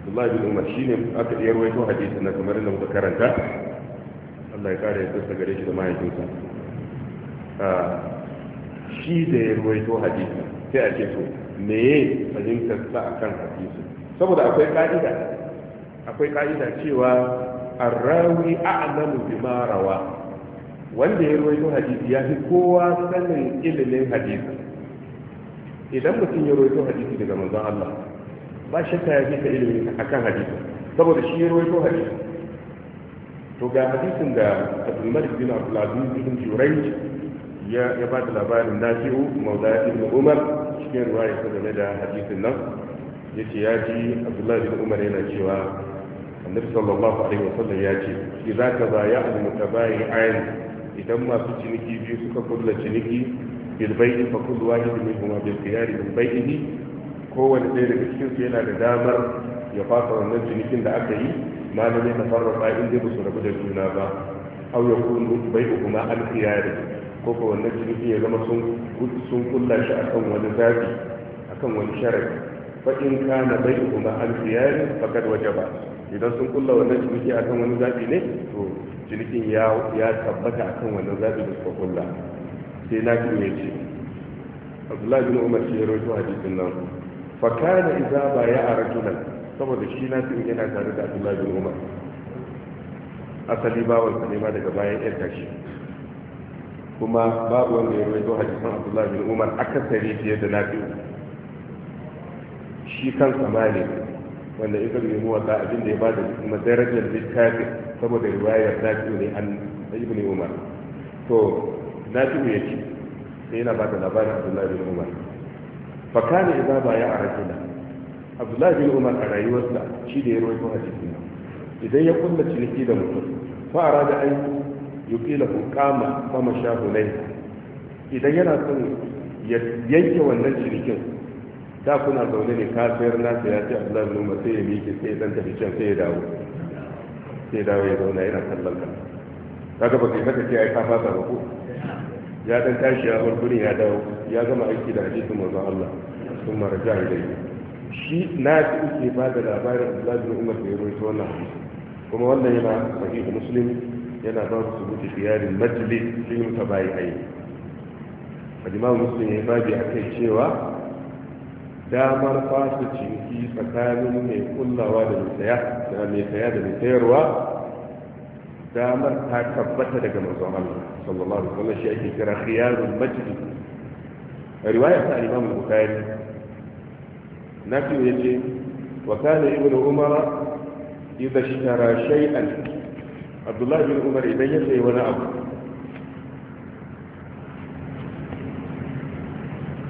abdullahi bin umar ne aka iya rawaito hadisi na kamar da muka karanta Allah ya kare ya gare shi da mahaifinsa ah, shi da ya rawaito hadisi sai a ce to meye fahimtar sa akan hadisi saboda akwai ka'ida akwai ka'ida cewa arrawi a'lamu bima rawa wanda ya rawaito hadisi ya fi kowa sanin ilimin hadisi idan mutum ya rawaito hadisi daga manzon Allah ba shi shakka ya ka ilimi a kan hadisi saboda shi ya ko hadisi to ga hadisin da Abdul Malik bin Abdul Aziz bin Jurayj ya ya ba da labarin Nafi'u Mawla ibn Umar cikin riwaya ta game da hadisin nan yace ya ji Abdullahi bin Umar yana cewa Annabi sallallahu alaihi wasallam ya ce za ka idza kaza ya'lamu tabayi'ain idan masu ciniki biyu suka kulla ciniki bil bai'i fa kullu wahidin minhum bil khiyari min bai'ihi kowane ɗaya daga cikin su yana da damar ya fasa wannan cinikin da aka yi malamin na farrafa in dai ba su rabu da juna ba au ya kunu bai kuma alkhiyari ko ko wannan ciniki ya zama sun sun kulla shi akan wani zafi, akan wani sharadi fa in kana bai kuma alkhiyari faqad wajaba idan sun kulla wannan ciniki akan wani zafi ne to cinikin ya ya tabbata akan wannan zafi da suka kulla sai na ya ce abdullahi bin umar shi ya rawaito hadisin nan fa kana idza ya a rajulan saboda shi na fi yana tare da Abdullahi bin Umar asali bawan sa ne daga bayan yar tashi kuma babu wanda ya rawaito hadisan Abdullahi bin Umar akasari fiye da Nafi'u shi kan samani wanda wanda ita ne muwata abin da ya bada madarajar littafi saboda riwayar fi ne an Ibn Umar to na Nafi'u yake sai yana bada labarin Abdullahi bin Umar fa idza ba ya arjuna abdullahi bin umar a rayuwarsa shi da ya rawaito a cikin idan ya kulla ciniki da mutum fa arada an yuqila qama fa mashahu laysa idan yana son ya yanke wannan cinikin da kuna zaune ne kafir na sai ya ce abdullahi bin umar sai ya miƙe sai ya dan tafi can sai ya dawo sai ya dawo ya zauna yana kallon ka daga ba kai maka ce ai ka fasa ba ko ya dan tashi ya bar gurin ya dawo ya gama aiki da hadisin manzon Allah sun maraja ilayhi shi na fi uke ba da labarin Abdullahi bin Umar da ya rawaito wannan hadisi kuma wannan yana sahih Muslim yana ba su rubuta khiyarin majlis fil mutabayi'ain Imam Muslim ya babi akai cewa damar basu ciniki tsakanin mai kullawa da mai saya da mai saya da mai sayarwa damar ta tabbata daga manzon Allah صلى الله عليه وسلم شيء كرا خيار المجد رواية عن الإمام البخاري نقل يجي وكان ابن عمر إذا اشترى شيئا عبد الله بن عمر إبن يسعي ونعم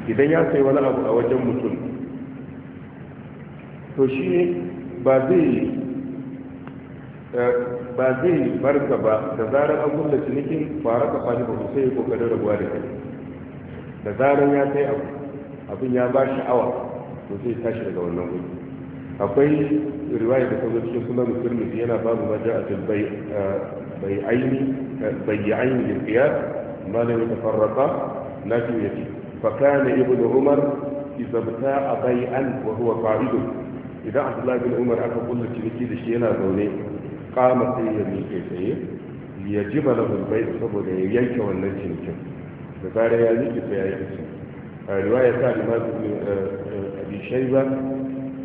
إذا يسعي ونعم أوجه مسلم فشيء بعضيه Eh, ba zai bar ka ba da zarar an kulla cinikin fara ka fani ba sai ya kokarin rabuwa da kai da zarar ya kai abu abin ya ba sha'awa to zai tashi daga wannan wuri akwai riwaya da kazo cikin sunan turmisi yana babu ma ja'a til bai eh, bai aini eh, bai aini bil qiyas ma lam yatafarraqa nafi yati fa kana ibnu umar a bai an wa huwa qa'idun idan abdullah bin umar aka kulla ciniki da shi yana zaune kama sai ya miƙe tsaye ya ji malahul bai saboda ya yanke wannan cinikin da zara ya miƙe sai ya yi yanke a riwaya ta limazu ne eh, eh, abi shaiba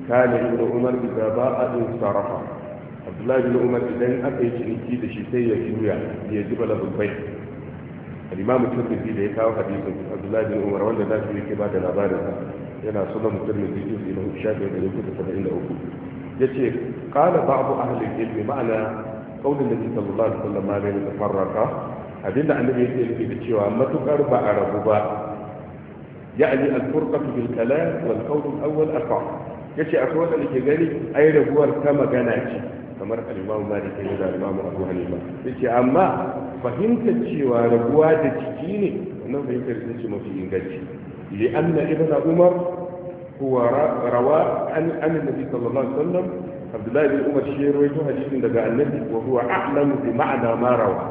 kana ibn umar ba a in sarafa abdullahi da umar idan aka yi ciniki da shi sai ya juya ya ji malahul bai al-imam tirmidhi da ya kawo hadisin abdullahi ibn umar wanda da shi yake ba da labarin yana sunan tirmidhi juz'i na Ya ce. qala ba'du ahli al-ilm ma'ana qaulin nabi sallallahu alaihi wasallam ma bayyana tafarraqa abinda annabi yake nufi da cewa matukar ba a rabu ba ya'ni al-furqatu bil kalam wal qawl al-awwal afa yace akwai wanda nake gani ai rabuwar ta magana ce kamar al-imam malik ne da al-imam abu hanifa yace amma fahimtar cewa rabuwa da jiki ne wannan fahimtar ita ce mafi inganci umar هو روى عن النبي صلى الله عليه وسلم abdullahi bin umar shi rawaito hadisin daga annabi wa huwa a'lamu bi ma'ana ma rawa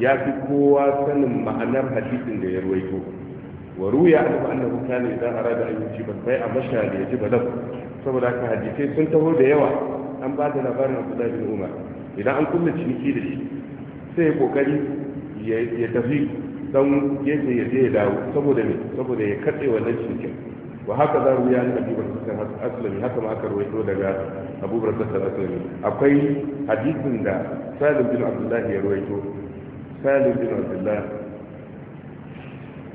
ya fi kowa sanin ma'anar hadisin da ya rawaito wa ruya annabi annahu kana idan arada an yuji ban bai a da ya ji badal saboda ka hadisi sun taho da yawa an ba da labarin abdullahi bin umar idan an kulle ciniki da shi sai ya kokari ya tafi don gefe ya je ya dawo saboda me saboda ya katse wannan cinikin wa haka za ruya an abi cikin aslami haka ma aka rawaito daga abu barzatar aslami akwai hadisin da salim bin abdullahi ya rawaito salim bin abdullahi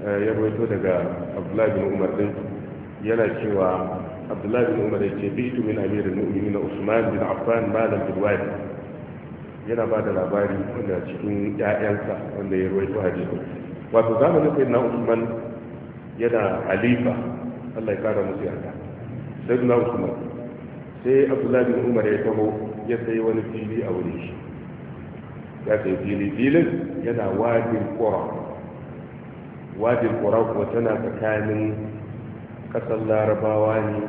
eh, ya rawaito daga abdullahi bin umar din yana cewa abdullahi bin umar ya ce bitu min amirin mu'minin usman bin affan malam bin wadi yana ba da labari wanda cikin ya'yansa wanda ya rawaito hadisin wato zamanin kai na usman yana halifa Allah ya kara musu yarda sai na Usman sai Abdullahi bin Umar ya taho ya sai wani fili a wurin shi ya sai fili filin yana wadin qura wadin qura kuma tana tsakanin kasar Larabawa ne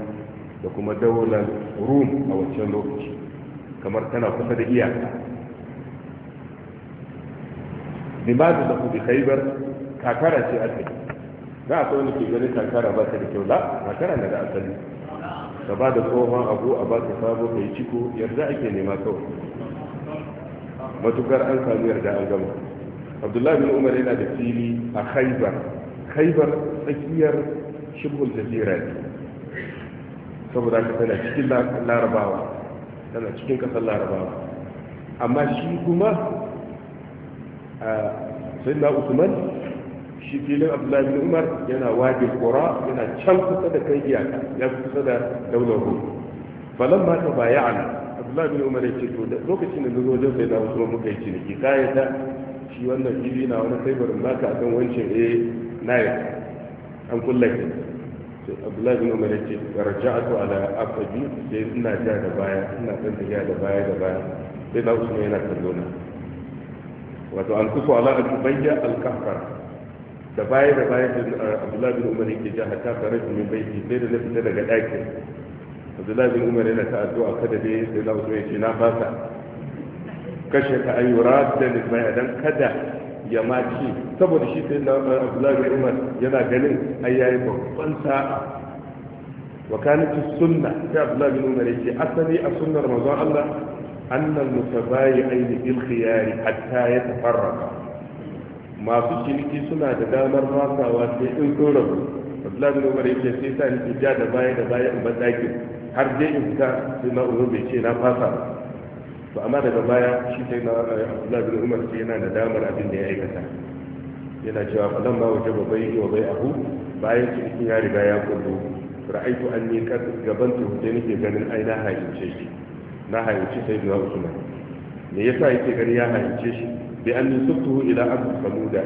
da kuma daular Rum a wancan lokaci kamar tana kusa da iyaka limadu da ku bi khaybar kakara ce aka yi za a wani ke ganin kankara ba ta da kyau la kankara na da asali ka ba da tsohon abu a ba ta sabo ka yi ciko yarda ake nema kawai matukar an samu yarda an gama abdullahi bin umar yana da fili a khaibar khaibar tsakiyar shibul jazira ne saboda ka tana cikin larabawa tana cikin kasar larabawa amma shi kuma a usman shi filin abdullahi bin umar yana wadi kura yana can kusa da kai iyaka ya kusa da daular rum falan ma ta baya ana abdullahi bin umar ya ce to lokacin da zo wajen sai na wasu muka yi ciniki kayan da shi wannan fili na wani saibarin naka a kan wancan eh na yi an kullake sai abdullahi bin umar ya ce raja'atu ala afabi sai ina ja da baya ina kan tafiya da baya da baya sai na usman yana kallo wato an kusa ala abubayya al-kahfar da baya da baya da abdullahi bin umar yake ja hatta fara min baiti sai da na fita daga ɗakin abdullahi bin umar yana ta addu'a kada dai sai na ya ce na fasa kashe ka ayyura da mai dan kada ya ma saboda shi sai na abdullahi bin umar yana ganin ai yayi babban sa'a wa kanat sunna sai abdullahi bin umar yake asali a sunnar manzon Allah annal mutabayi'aini bil khiyari hatta yatafarraqa masu ciniki suna da damar fasawa sai in sun rabu abdullahi umar yake sai sa ni ja da baya da baya in bazaki har dai in ka sai na umar bai ce na fasa to amma daga baya shi sai na eh, abdullahi umar sai yana da damar abin da ya aikata yana cewa falan ba wata babai wa bai abu bayan cinikin ya riga ya kullu ra'aitu anni kad gabantu sai nake ganin ai na haince shi na haince sai da Usman me yasa yake gani ya haince shi bi an nisabtuhu ila abd samuda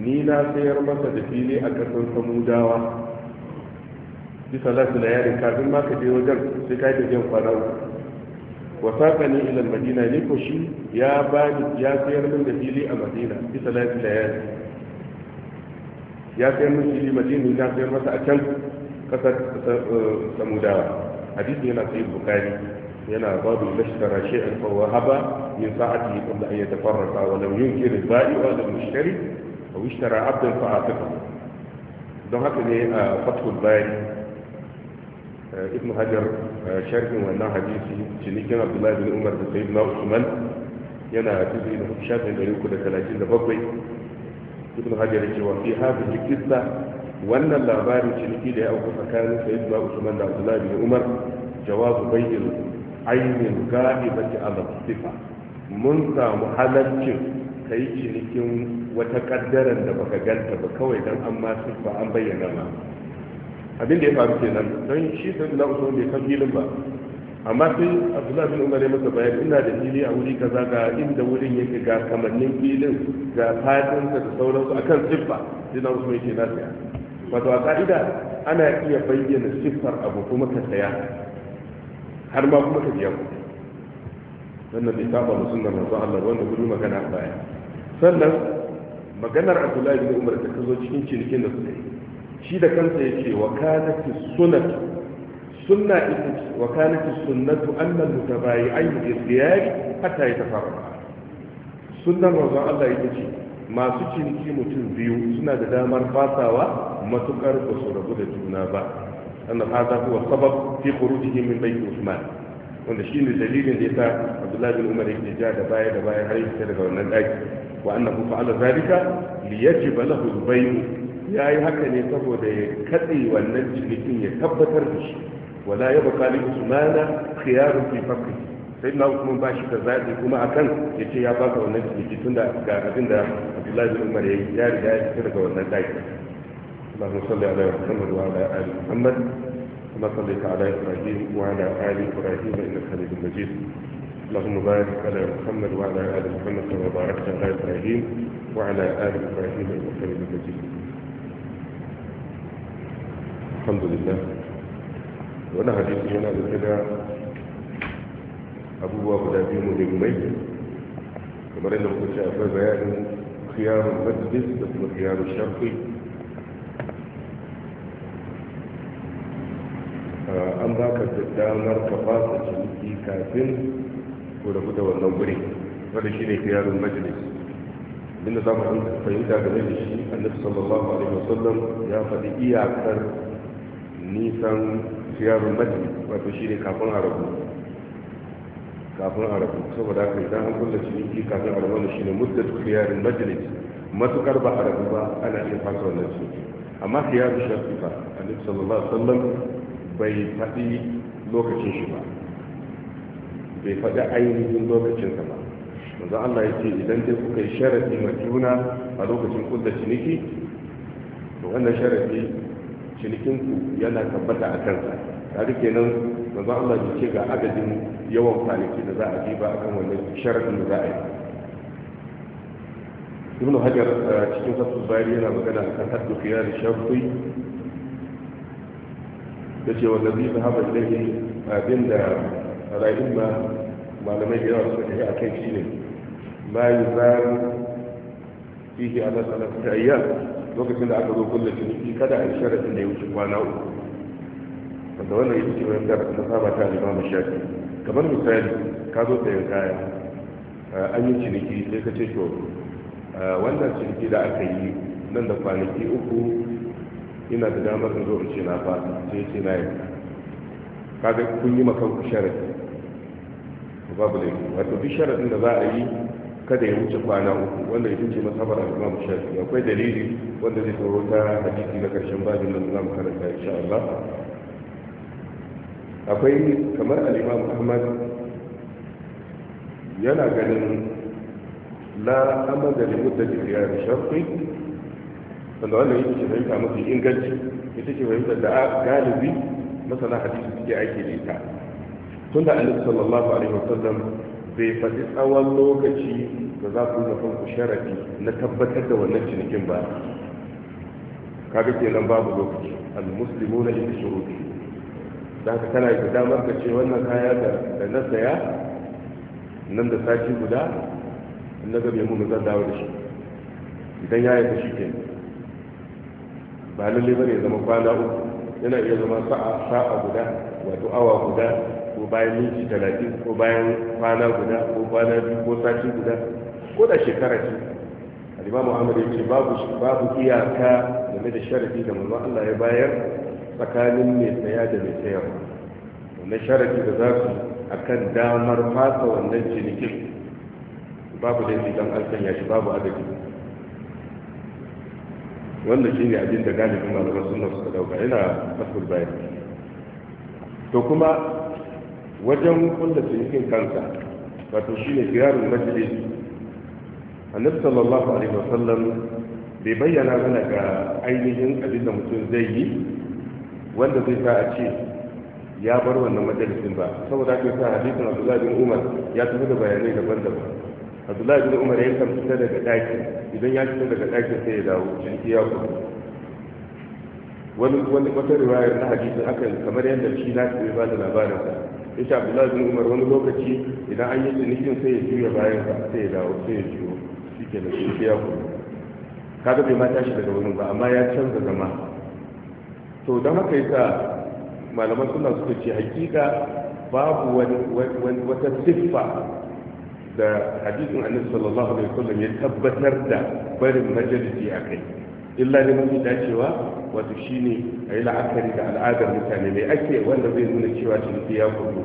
ni na sayar masa da fili a kasar samudawa bisa lasu da yarin kafin ma ka je wajen sai ka yi jin kwana wa saka ni ila madina ni ko shi ya ba ya sayar min da fili a madina bisa lasu da yarin ya sayar min fili madina ya sayar masa a can kasar eh, samudawa hadisi yana sayi bukari يلا باب اشترى شيئا فهو من ساعته قبل ان يتفرق ولو ينكر البائع ولا المشتري او اشترى عبدا فعاتقه دونك هكا آه، فتح الباري آه، ابن هجر آه، شرق وانا حديثي تنيك عبد الله بن عمر بن سيدنا عثمان يلا تدري انه شاب من يوكو 30 لبابي ابن هجر يجي وفي هذه الكتله وانا لا باري تنيك لي او كفكان سيدنا عثمان عبد الله بن عمر جواب بين ainihin ga'ibati ala sifa mun samu halaccin ka yi cinikin wata kaddaran da baka ganta ba kawai don an ma sifa an bayyana ma abin da ya faru kenan don shi sai na usman bai san filin ba amma sai abdullahi bin umar ya masa bayani ina da fili a wuri kaza ga inda wurin yake ga kamannin filin ga fadinsa da sauransu akan siffa sai na usman yake na saya wato a ka'ida ana iya bayyana siffar abu kuma ka saya har ma kuma ta biya kuɗi wannan bai saba da sunnar manzo Allah wanda gudu magana a baya sannan maganar Abdullahi bin Umar ta kazo cikin cinikin da suka yi shi da kansa yace wa kanatu sunnatu sunna ita ce wa kanatu sunnatu annal mutabayi'ain bi diyari hatta yatafarraqa sunnar manzo Allah ita ce masu ciniki mutum biyu suna da damar fasawa matukar ba su rabu da juna ba anna hadha huwa sabab fi khurujihi min bayt usman wanda ne dalilin da yasa abdullahi bin umar yake ja da baya da baya har yake daga wannan daki wa annahu fa'ala zalika li yajib lahu al Ya yayi haka ne saboda ya katse wannan cinikin ya tabbatar da shi wala yabqa li usmana khiyarun fi fakrihi sai na kuma ba shi da zaɓi kuma a kan ya ce ya baka wannan ciki tun da ga abin da abdullahi bin umar ya yi ya riga ya fita daga wannan ɗaki اللهم صل على محمد وعلى آل محمد كما صليت على إبراهيم وعلى آل إبراهيم إنك حميد مجيد اللهم بارك على محمد وعلى آل محمد كما باركت على إبراهيم وعلى آل إبراهيم إنك حميد مجيد الحمد لله وأنا حديث هنا بالهدى أبو guda biyu muhimmai kamar كما muka في akwai خيار المجلس اسمه خيار الشرقي Eh, an ba ka da damar ka fasa ciniki kafin ko da kuta wannan guri wanda shi ne kiyarin majalis din za mu an fahimta game da shi annabi sallallahu alaihi wasallam ya faɗi iyakar nisan kiyarin majalis wato shi ne kafin a rabu kafin a rabu saboda haka idan an kulla ciniki kafin a rabu shi ne muddat kiyarin majalis matukar ba a rabu ba ana iya fasa wannan ciniki amma kiyarin shafi ba annabi sallallahu alaihi wasallam bai faɗi lokacin shi ba bai faɗi ainihin lokacinsa ba yanzu Allah ya ce idan dai kuka yi sharaɗi ma juna a lokacin kulla ciniki to wannan sharaɗi cinikinku yana tabbata a kansa tare kenan yanzu Allah ya ce ga adadin yawan kwanaki da za a ba a kan wannan sharafin da za a yi ibn hajar cikin fasul bayani yana magana akan haddu khiyar shafi. da ce wanda zai zahaba ilaihi abin da ra'ayin ma malamai da yawa suka yi a kai shi ne ma yi zaru fihi ala salatu ayyam lokacin da aka zo kullum ciniki kada a shara sharadin da ya wuce kwana uku wanda wannan ita ce wani da ta saba ta limamu shafi kamar misali ka zo sayan kaya eh, an yi ciniki sai ka ce to eh, wannan ciniki da aka yi nan da kwanaki uku ina da damar in zo in ce na fasa sai ce na yi kaga kun yi makan ku sharadi babu laifi wato duk sharadin da za a yi kada ya wuce kwana uku wanda ya ce masabar a imam shafi akwai dalili wanda zai tsoro ta hadisi na karshen babin nan zamu karanta insha Allah akwai kamar al-imam Ahmad yana ganin la amada li muddati qiyam sharti wanda wannan yake ce fahimta mafi inganci ita ce fahimta da galibi masana hadisi suke ake da ita tun da annabi sallallahu alaihi wasallam bai faɗi tsawon lokaci da za ku zafa ku sharafi na tabbatar da wannan cinikin ba kaga kenan babu lokaci al-muslimu na yi shuruti da haka kana da damar ka ce wannan kaya da na saya nan da sati guda na gabe mu zan dawo da shi idan ya yi shi kenan ba lalle bane zama kwana uku yana iya zama sa'a sa'a guda wato awa guda ko bayan minti talatin ko bayan kwana guda ko kwana biyu ko sati guda ko da shekara ce al'imam muhammad ya ce babu babu iyaka game da sharadi da manzon Allah ya bayar tsakanin mai saya da mai sayarwa wannan sharadi da za su akan damar fasa wannan cinikin babu da dan alkan ya shi babu adadi wannan shine abin da da malaman sunna da dauka yana fasul bayan to kuma wajen kulla cinikin kansa wato shi shine kirarun A annabi sallallahu alaihi wasallam bai bayyana mana ga ainihin abin da mutum zai yi wanda zai sa a ce ya bar wannan majalisin ba saboda ake sa hadisin abdullahi bin umar ya tafi da bayanai daban-daban abdullahi bin umar ya kan fita daga daki idan ya fita daga daki sai ya dawo cinki ya kuma wani wani wata riwayar na aka yi kamar yadda shi na ya ba da labarin sa yace abdullahi bin umar wani lokaci idan an yi cinikin sai ya juya bayan sa sai ya dawo sai ya juyo ke da cinki ya kuma kaga bai ma tashi daga wurin ba amma ya canza zama to don haka yasa malaman suna suka ce hakika babu wani wata siffa da hadisin annabi sallallahu alaihi wasallam ya tabbatar da barin majalisi a kai illa da mafi dacewa wato shine a yi la'akari da al'adar mutane mai ake wanda zai nuna cewa ciniki ya kudu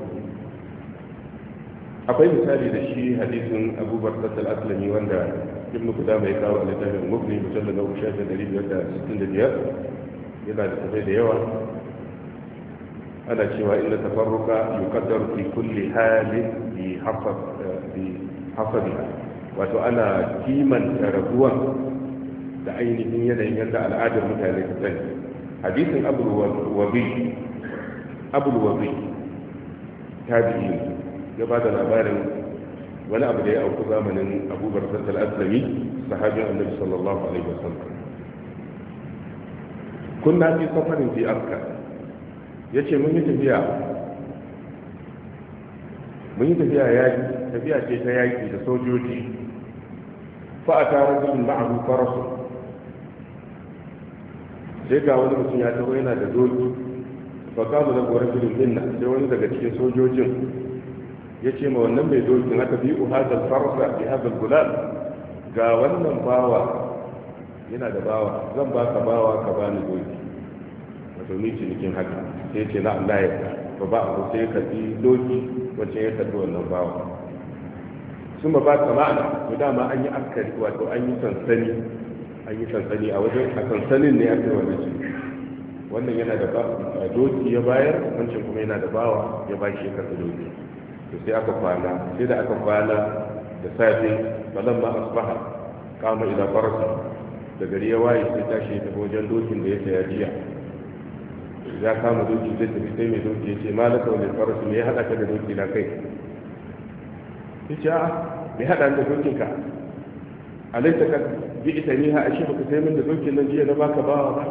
akwai misali da shi hadisin abubakar tattal aslami wanda ibn kudama ya kawo a littafin mubni yana da tafai da yawa ana cewa inda tafarruka yuqaddaru fi kulli halin bi wato ana kimanta raguwan da ainihin yanayin yadda al'adar mutane ta sani hadisin abulwabi ta biyu ya ba da labarin wani abu da ya auku zamanin abubakar al-aslami sahabin annabi sallallahu alaihi wasallam kunna fi safarin fi arka yace mun yi tafiya mun yi tafiya yaki tafiya ce ta yaki da sojoji fa a tara gudun ma'abu farasu sai ga wani mutum ya taho yana da doki fa kama da goren filin dinna sai wani daga cikin sojojin ya ce ma wannan mai dokin haka bi u hadal farasa bi hadal gulal ga wannan bawa yana da bawa zan ba ka bawa ka bani doki wato ni cinikin haka sai ce na Allah ya ba ba abu sai ka bi doki wacce ya tafi wannan bawa sun ba ta ma'ana to dama an yi askari wato an yi sansani an yi sansani a wajen a sansanin ne aka wannan shi wannan yana da ba doki ya bayar wancan kuma yana da bawa ya ba shi ya kasa doki to sai aka kwana sai da aka kwana da safe balan ma asbaha kama ila farsa da gari ya waye sai tashi ya tafi wajen dokin da ya saya jiya ya kama doki zai tafi sai mai doki ya ce da kawai farasu ne ya haɗa ka da doki na kai ya ce a me haɗa da dokin ka A laifin ka bi ita ni ha shi baka sai min da dokin nan jiya na baka bawa ba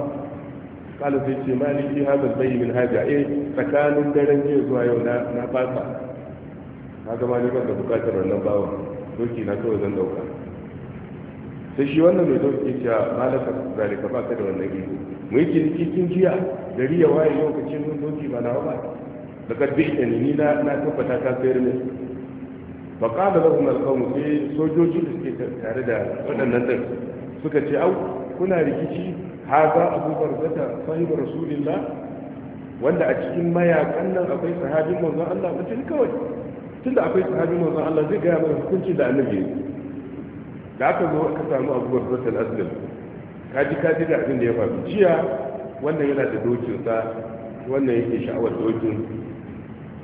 kala sai ce maliki ha zan bayi min haja eh tsakanin daren jiya zuwa yau na fasa na gama ni ban da bukatar wannan bawa doki na kawai zan dauka sai shi wannan mai doki ya ce ka zalika baka da wannan iko mu yi cikin jiya gari ya waye lokacin mun doki ba nawa ba da kadbi da ni na na tabbata ta sayar ne fa qala lahum al-qawm sai sojoji da suke tare da waɗannan din suka ce au kuna rikici haza abu barzata sahibu rasulillah wanda a cikin mayakan nan akwai sahabin manzon Allah mutum kawai tunda akwai sahabin manzon Allah zai ga mana hukunci da annabi da aka zo aka samu abu barzata al-aslam kaji kaji da abin da ya faru jiya wannan yana da sa wannan yake sha'awar dokin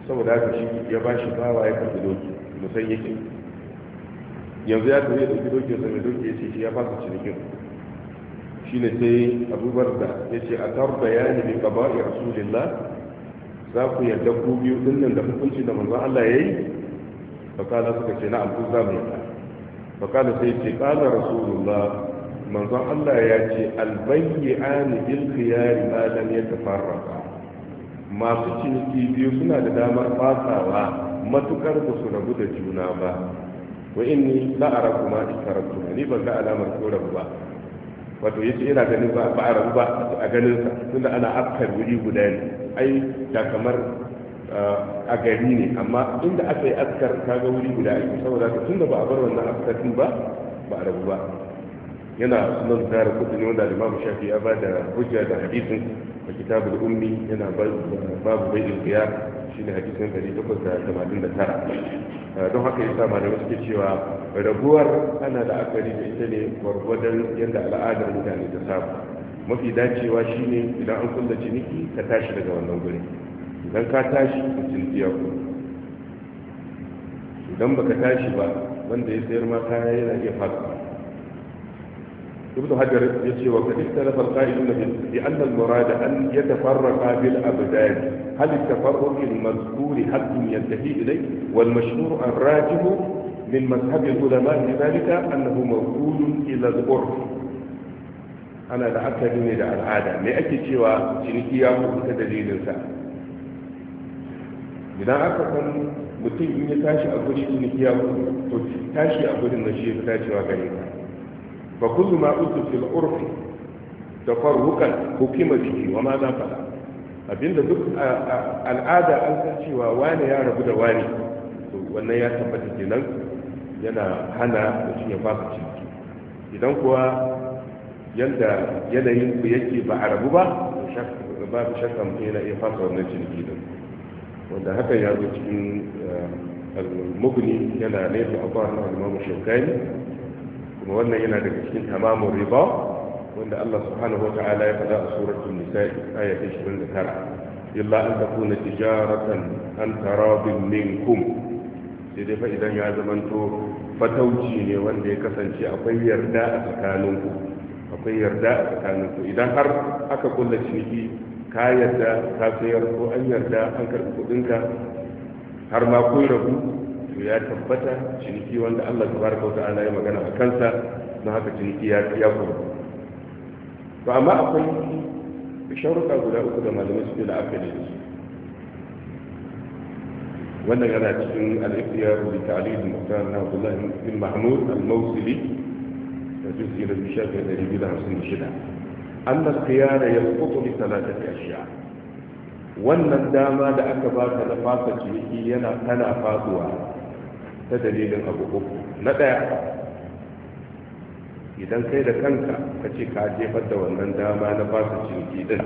saboda haka shi ya ba shi bawa ya karbi doki musan yake yanzu ya tafi ya ɗauki dokin sa mai doki ya ce shi ya fasa cinikin shi ne sai abubuwar da ya ce a tar bayani bi gaba ya rasulillah za ku yarda ku biyu dinnan da hukunci da manzon Allah ya yi fakala suka ce na'am ku za mu yarda Bakala sai ce kala rasulullah manzon Allah ya ce albayyani bil khiyari ma lam yatafarraqa masu ciniki biyu suna da damar fasawa matukar ba su rabu da juna ba wa inni la ara kuma istaratu ni ban ga alamar ko rabu ba wato yace ina ganin ba ba rabu ba a ganin sa tunda ana afkar wuri guda ne ai da kamar ah, a gari ne amma inda aka yi askar kaga wuri guda ake saboda tunda ba a bar wannan askarin ba ba a rabu ba yana sunan kudi ne wanda limamu shafi ya ba da hujja da hadisin a kitabul ummi yana babu bai ilbiya shi ne hadisin 889 ah, don haka yasa malamai suke cewa raguwar ana da akari da ita ne gwargwadon yadda al'adar mutane ta samu mafi dacewa shi ne idan an kulla ciniki ka tashi daga wannan guri idan ka tashi mutum biya ku idan baka tashi ba wanda ya sayar ma kaya yana iya fasa ابن حجر يجي وقد اختلف القائلون بأن المراد أن يتفرق بالأبدان هل التفرق المذكور حد ينتهي إليه والمشهور الراجح من مذهب العلماء بذلك أنه موصول إلى العرف أنا لأكد من العادة ما أكد شوى شنكيا دليل الفعل إذا أكد mutum in ya tashi a guri ciniki ya to tashi fa kullu ma utu fil urfi tafarruqan hukima bihi wa ma za fala abinda duk al'ada an san cewa wani ya rabu da wani to wannan ya tabbata kenan yana hana mutum ya fasa ciniki idan kuwa yadda yanayin ku yake ba a rabu ba babu shakka mutum yana iya fasa wannan ciniki din wanda haka ya zo cikin eh, al-mughni yana nesa a ba na kuma wannan yana daga cikin tamamun riba wanda Allah subhanahu wa ta'ala ya faɗa a suratul nisa'i aya ta 29 illa an takuna tijaratan an tarabin minkum sai dai fa idan ya zamanto fatauci ne wanda ya kasance akwai yarda a tsakaninku akwai yarda a idan har aka kulla ciniki ka yarda ka sayar ko an yarda an karɓi kuɗinka har ma kun rabu to ya tabbata ciniki wanda Allah tabaraka wa ta'ala ya magana a kansa na haka ciniki ya ya kuma to amma akwai sharuɗa guda uku da malamai suke da aka yi wannan yana cikin al-ikhtiyar bi ta'lil muhtar na Abdullah bin Mahmud al-Mawsili da juz'i na shafi 256 anna al-khiyara yasqutu li thalathati ashya' wannan dama da aka ba ta na fasa ciniki yana tana faduwa ta dalilin abu uku na ɗaya idan kai da kanka ka ce ka jefar da wannan dama na fasa ciniki din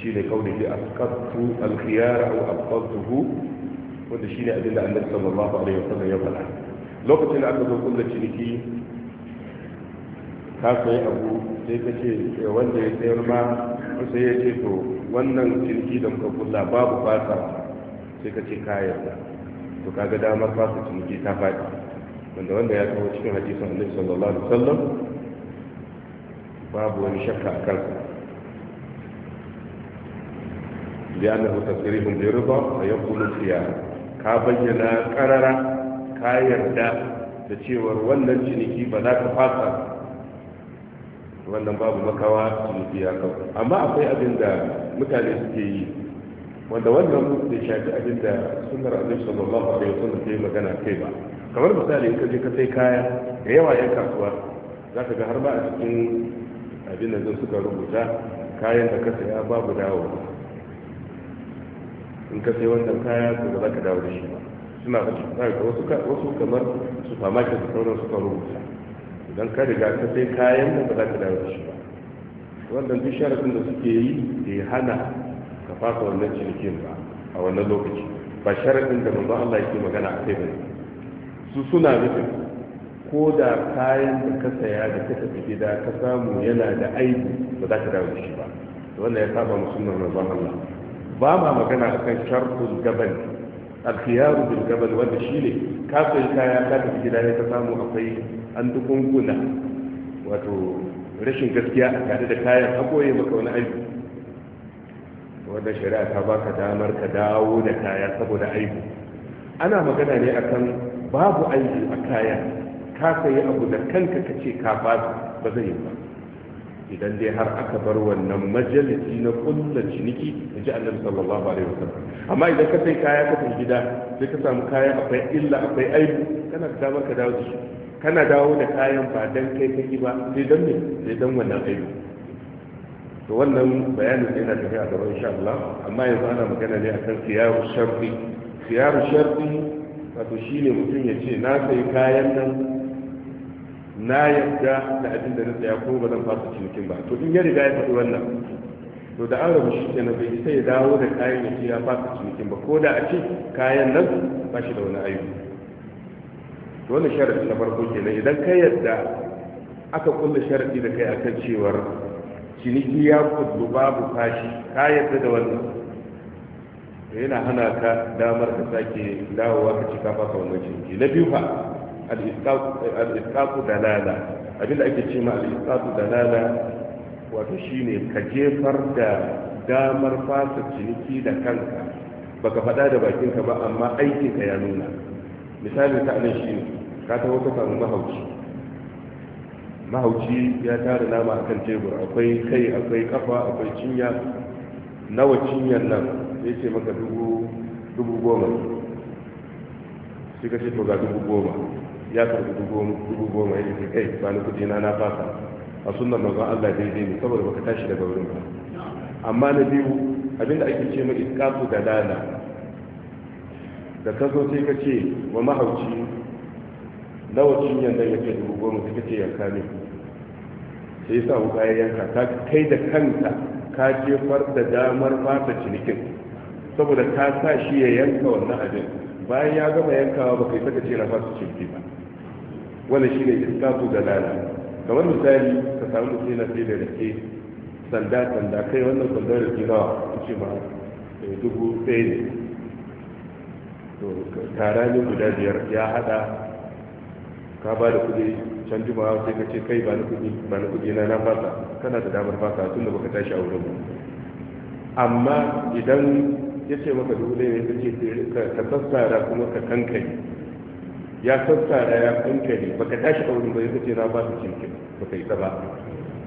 shi ne kawai da askattu alkhiyara au abqatuhu wanda ne abinda annabi sallallahu alaihi wasallam ya faɗa lokacin da aka zo da ciniki ka sai abu sai ka ce eh, wanda ya sayar ma sai ya ce to wannan ciniki da muka kula babu fasa sai ka ce ka yarda to kaga damar fasa ciniki ta faɗi wanda wanda ya kawo cikin hadisin annabi sallallahu alaihi wasallam babu wani shakka a kansa لأنه ya لرضا فيقول ya? ka bayyana karara ka yarda da cewar wannan ciniki ba za ka fasa wannan babu makawa ciniki ya kawo amma akwai abin da mutane suke yi wanda wannan da shafi abin da sunnar annabi sallallahu alaihi wasallam ta yi magana kai ba kamar misali in ka je ka sai kaya da yawa yan kasuwa za ka ga har ba a cikin abin da zan suka rubuta kayan da ka saya babu dawo in ka sai wannan kaya to ba za ka dawo da shi ba suna da wasu wasu kamar su supermarket da sauran suka rubuta idan ka riga ka sai kayan da ba za ka dawo da shi ba wannan duk sharadin da suke yi da hana ka fasa wannan cinikin ba a wannan lokaci ba sharaɗin da manzo Allah yake magana a kai bane su suna nufin ko da kayan da ka saya da ka tafi gida ka samu yana da aibu ba za ka dawo da shi ba wannan ya saba mu sunnar manzo Allah ba ma magana akan kan gabal gaban bil gaban wanda shine ka sai kaya ka tafi gida ne ka samu akwai an dukunguna wato rashin gaskiya a tare da kayan akoye maka wani aibu wanda shari'a ta baka damar ka dawo da kaya saboda aibu ana magana ne akan babu aiki a kaya ka sayi abu da kanka ka ce ka ba ba zai yi ba idan dai har aka bar wannan majalisi na kulla ciniki da ji annabi sallallahu alaihi wasallam amma idan ka sai kaya ka tafi gida sai ka samu kaya akwai illa akwai aibu kana da damar ka dawo da shi kana dawo da kayan ba dan kai kake ba sai dan me sai dan wannan aibu to wannan bayanin yana tafiya a gaban insha Allah amma yanzu ana magana ne akan siyaru sharri siyaru sharri wato shine mutum ya ce na sai kayan nan na yadda da abin da na saya ko ba zan fasa cinikin ba to in ya riga ya faɗi wannan to da an rabu shi ke nan bai sai dawo da kayan ya ce ya fasa cinikin ba ko da a ce kayan nan ba shi da wani ayyuka to wannan sharadi na farko kenan idan ka yadda aka kulle sharadi da kai akan cewar ciniki ya kudu babu fashi ka yadda da wannan yana hana ka damar ka sake dawowa ka cika ka fasa wannan ciniki na biyu fa al-isqaqu dalala abinda ake ma al-isqaqu dalala wato shine ka jefar da damar fasa ciniki da kanka baka faɗa da bakinka ba amma aikinka ya nuna misalin ta nan shine ka taho ka samu mahauci mahauci ya tara nama a kan tebur akwai kai akwai kafa akwai cinya nawa cinyar nan ya ce maka dubu goma suka ce to ga dubu goma ya karbi dubu goma ya ce kai ba ni kudi na na fasa a sunan mazan allah daidai ne saboda baka tashi daga wurin ba amma na biyu abinda ake ce mai iskatu da dala da ka zo sai ka ce wa mahauci nawa cinyar nan ya ce dubu goma suka ce yanka ne sai sa wuka ya yanka ta kai da kanta ka jefar da damar fata cinikin saboda ta sa shi ya yanka wannan abin bayan ya gama yankawa ba kai saka ce na fata cinikin ba wannan shi ne iskatu da lana kamar misali ka samu mutum yana sai da rike sanda sanda kai wannan sandar rake nawa ku ce ma eh, dubu ɗaya ne to tara guda biyar ya hada ka ba da kuɗi can juma'a sai ka ce kai ba na kudi ba na kudi na na fasa kana da damar fasa tun da baka tashi a wurin amma idan ya ce maka dubu ɗaya ya ce ka sassara kuma ka kankani ya sassara ya kankare baka tashi a wurin ba ya ce na fasa cinikin baka yi ba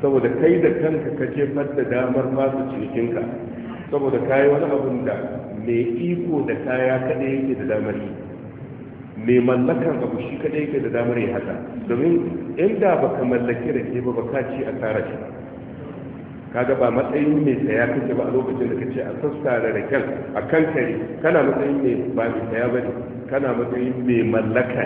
saboda kai da kanka ka je da damar fasa ka saboda kayi wani abun da mai iko da kaya kaɗai yake da damar yi mai mallakan abu shi kadai ke da damar yi haka domin inda baka mallake da ke ba ka ci a tsara shi kaga ba matsayin mai saya kake ba a lokacin da ka ce a sassa da kyan a kan kare kana matsayin mai ba mai saya ne kana matsayin mai mallaka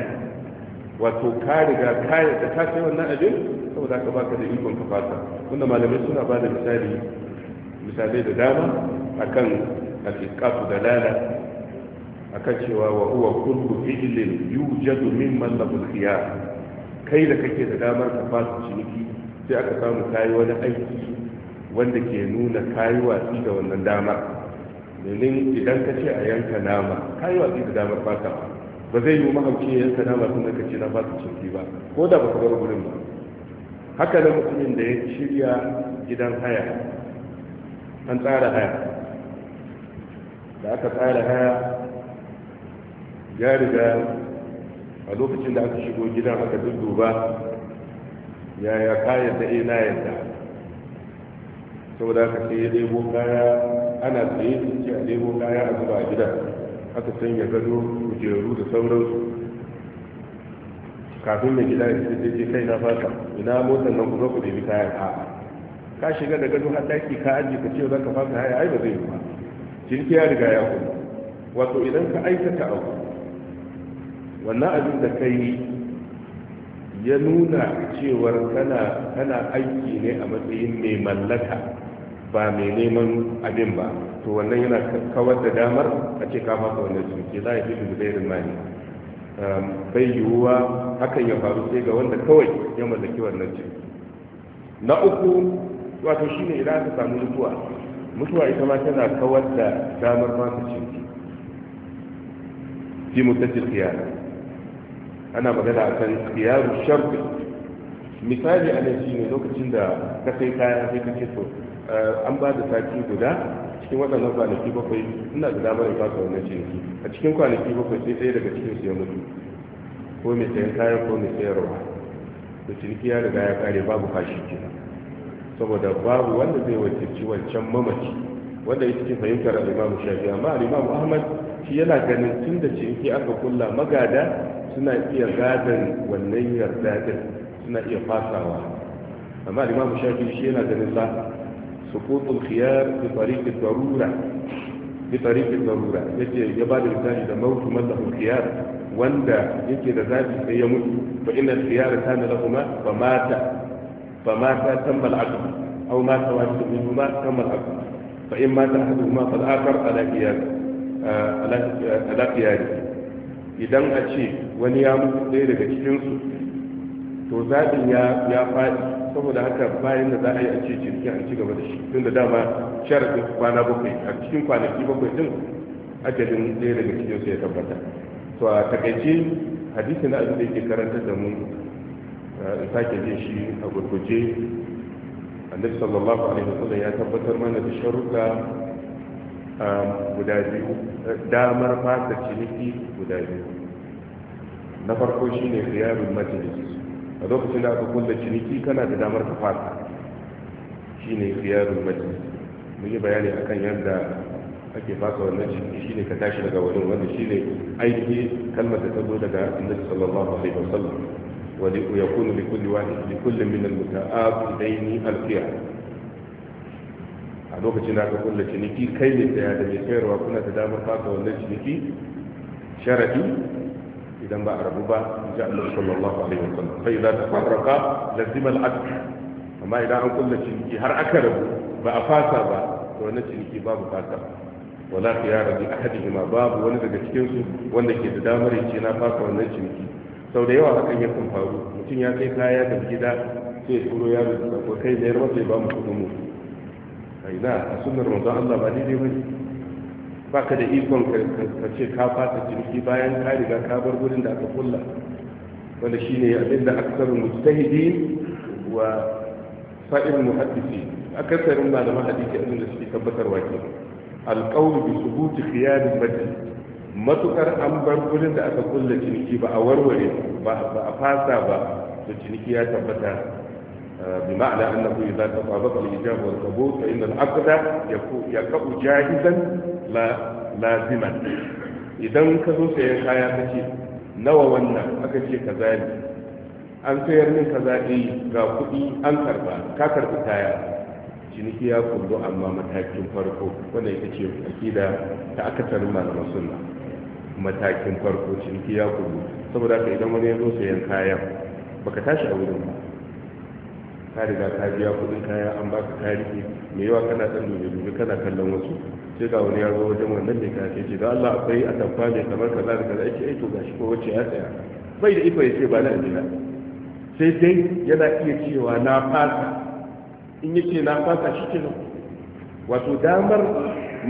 wato ka riga ka da ka sai wannan abin saboda ka baka da ikon ka fasa wanda malamai suna ba da misali misalai da dama akan al da lalata. akan cewa wa huwa kullu fi'lin yujadu mimman lahu khiyar kai da kake da damar ka fasu ciniki sai aka samu kayi wani aiki wanda ke nuna kayi watsi da wannan damar domin idan ka ce a yanka nama kayi watsi da damar fasawa ba zai yi mahauci yanka nama tun da ka ce na fasa ciniki ba ko da ka bar gurin ba haka da mutumin da ya shirya gidan haya an tsara haya da aka tsara haya ya riga a lokacin da aka shigo gidan aka dudduba yaya kayan da ina eh, yadda saboda aka ce ya ɗebo kaya ana tsaye da ce a ɗebo kaya a zuba a gida aka sanya gado kujeru da sauransu kafin mai gida ya ce kai na fata ina motar nan ku ku ɗebi kayan a'a ka shiga da gado har daki ka aji ka ce za ka fasa haya ai ba zai yi ba Jirgin ya riga ya kuma wato idan ka aikata abu wannan abin da ka ya nuna cewar kana aiki ne a matsayin mai mallaka ba mai neman abin ba to wannan yana kawar da damar a ce ka maka wannan ciniki za a fi da zairin mani um, bai yiwuwa hakan ya faru sai ga wanda kawai ya mallaki wannan ce na uku wato shi ne idan aka samu mutuwa mutuwa ita ma tana kawar da damar masu ciniki fi mutajjil khiyana ana magana akan kiyaru sharbi misali a nan shine lokacin da ka sai kaya sai kake so eh, an ba da sati guda cikin waɗannan kwanaki bakwai ina da damar in fasa wannan ciniki a cikin kwanaki bakwai sai ɗaya daga cikin su ya mutu ko mai sayan kaya ko mai sayarwa da ciniki ya riga ya kare babu kashi kenan saboda babu wanda zai wakilci wancan mamaci wanda ya cikin fahimtar al'imamu shafi amma al'imamu ahmad shi yana ganin tun da ciniki aka kulla magada suna iya gadan wannan yarda din suna iya fasawa amma da limamu shafi shi yana ganin la sukutul khiyar bi tariqi darura bi tariqi darura yace ya bada misali da mautu mallahu khiyar wanda yake da zabi sai ya mutu fa inna khiyar kana lahuma fa mata fa mata tamma al-aqd aw mata wahid minhuma tamma al-aqd fa in mata ahaduhuma fal akhar ala khiyar alafiyari idan a ce wani ya mutu ɗaya daga cikinsu to zaɓin ya faɗi saboda haka bayan da za a yi a ce ciniki an ci gaba da shi tun da dama sharaɗin kwana bakwai a cikin kwanaki bakwai din ajalin ɗaya daga cikinsu ya tabbata to a takaice hadisi na abin da yake karanta da mu eh, in sake jin shi a gurguje annabi sallallahu alaihi wasallam ya tabbatar mana da sharuɗa Um, guda biyu damar fasa ciniki guda biyu na farko shine ziyarar majalis a lokacin da aka kulle ciniki kana da damar ka fasa shine ziyarar majalis mun yi bayani akan yadda ake fasa wannan ciniki shine ka tashi daga wajen wanda shine aiki kalmar da ta zo daga annabi sallallahu alaihi wasallam wa yakunu likulli wahid likulli min al-muta'abidaini al-qiyam a lokacin da aka kulla ciniki kai ne saya da mai sayarwa kuna da damar fata wannan ciniki sharadi idan ba a rabu ba ji Allah sallallahu alaihi wasallam sai za ta farraka lazima al'aqd amma idan an kulla ciniki har aka rabu ba a fasa ba to wannan ciniki babu fasa wala khiyara bi ahadihima babu wani daga cikin su wanda ke da damar yace na fasa wannan ciniki sau da yawa hakan yakan faru mutum ya kai kaya da gida sai turo yaro da kai ne masa ya ba mu kuɗin mu aina a sunan manzon Allah ba daidai ba ka da ikon ka ce ka fata jirgi bayan ka riga ka bar gurin da aka kulla wanda shine abin da aksarun mujtahidi wa sa'ir muhaddisi akasarin malaman hadisi abin da suke tabbatarwa ke alqawl bi subut khiyar al-badl matukar an bar gurin da aka kulla ciniki ba a warware ba a fasa ba to ciniki ya tabbata بمعنى أنه إذا تطابق الإجابة والقبول فإن العقد يقع جاهزا لا لازما إذا كذو سيخايا تشي نوى ونا أكشي كذلك an sayar min kaza ɗi ga kuɗi an karba ka karɓi kaya ciniki ya kullu amma matakin farko wanda ita ce akida ta akasarin malaman sunna matakin farko ciniki ya kullu saboda haka idan wani ya zo sayan kayan baka tashi a wurin ba ka riga ka biya kudin kaya an baka tarihi mai yawa kana dan dole dole kana kallon wasu sai ga wani yaro wajen wannan ne ka ce da Allah akwai a tabba ne kamar kaza da kaza ake to gashi ko wacce ya tsaya bai da ifa ya ce ba na jira? sai dai yana iya cewa na fasa in yace na fasa shi nan wato damar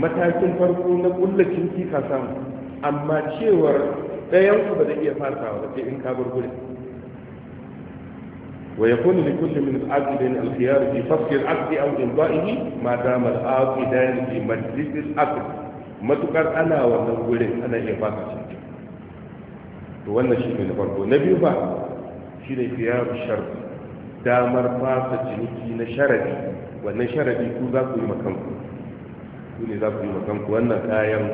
matakin farko na kullacin kika ka samu amma cewar ɗayan ku ba zai iya fasawa ba sai in ka bar gurin ويكون لكل من العاقلين الخيار في فصل العقد او امضائه ما دام العاقلان في مجلس العقد matukar ana wannan gurin ana iya ba ka cikin to wannan shi ne na farko na biyu ba shi ne fiya damar fasa ciniki na sharadi wannan sharadi wannan kayan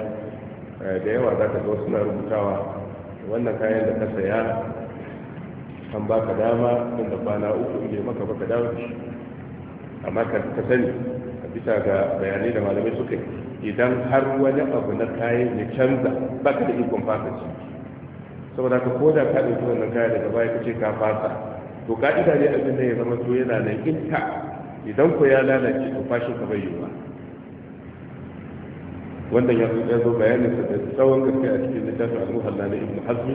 da yawa za ka ga wasu na rubutawa wannan kayan da ka saya an ba ka dama nan kwana uku ne maka baka dawo da shi amma ka sani a bisa ga bayanai da malamai suka idan har wani abu na kayan ya canza baka da ikon fasa ci saboda ka koda ka ɗauki wannan kayan daga baya ka ce ka fasa to ɗi dare abin da ya zama to yana nan inta idan ko ya lalace to fashin ka bai yiwuwa wannan ya zo bayanin sa da tsawon gaske a cikin littafin al-muhalla na ibnu hazmi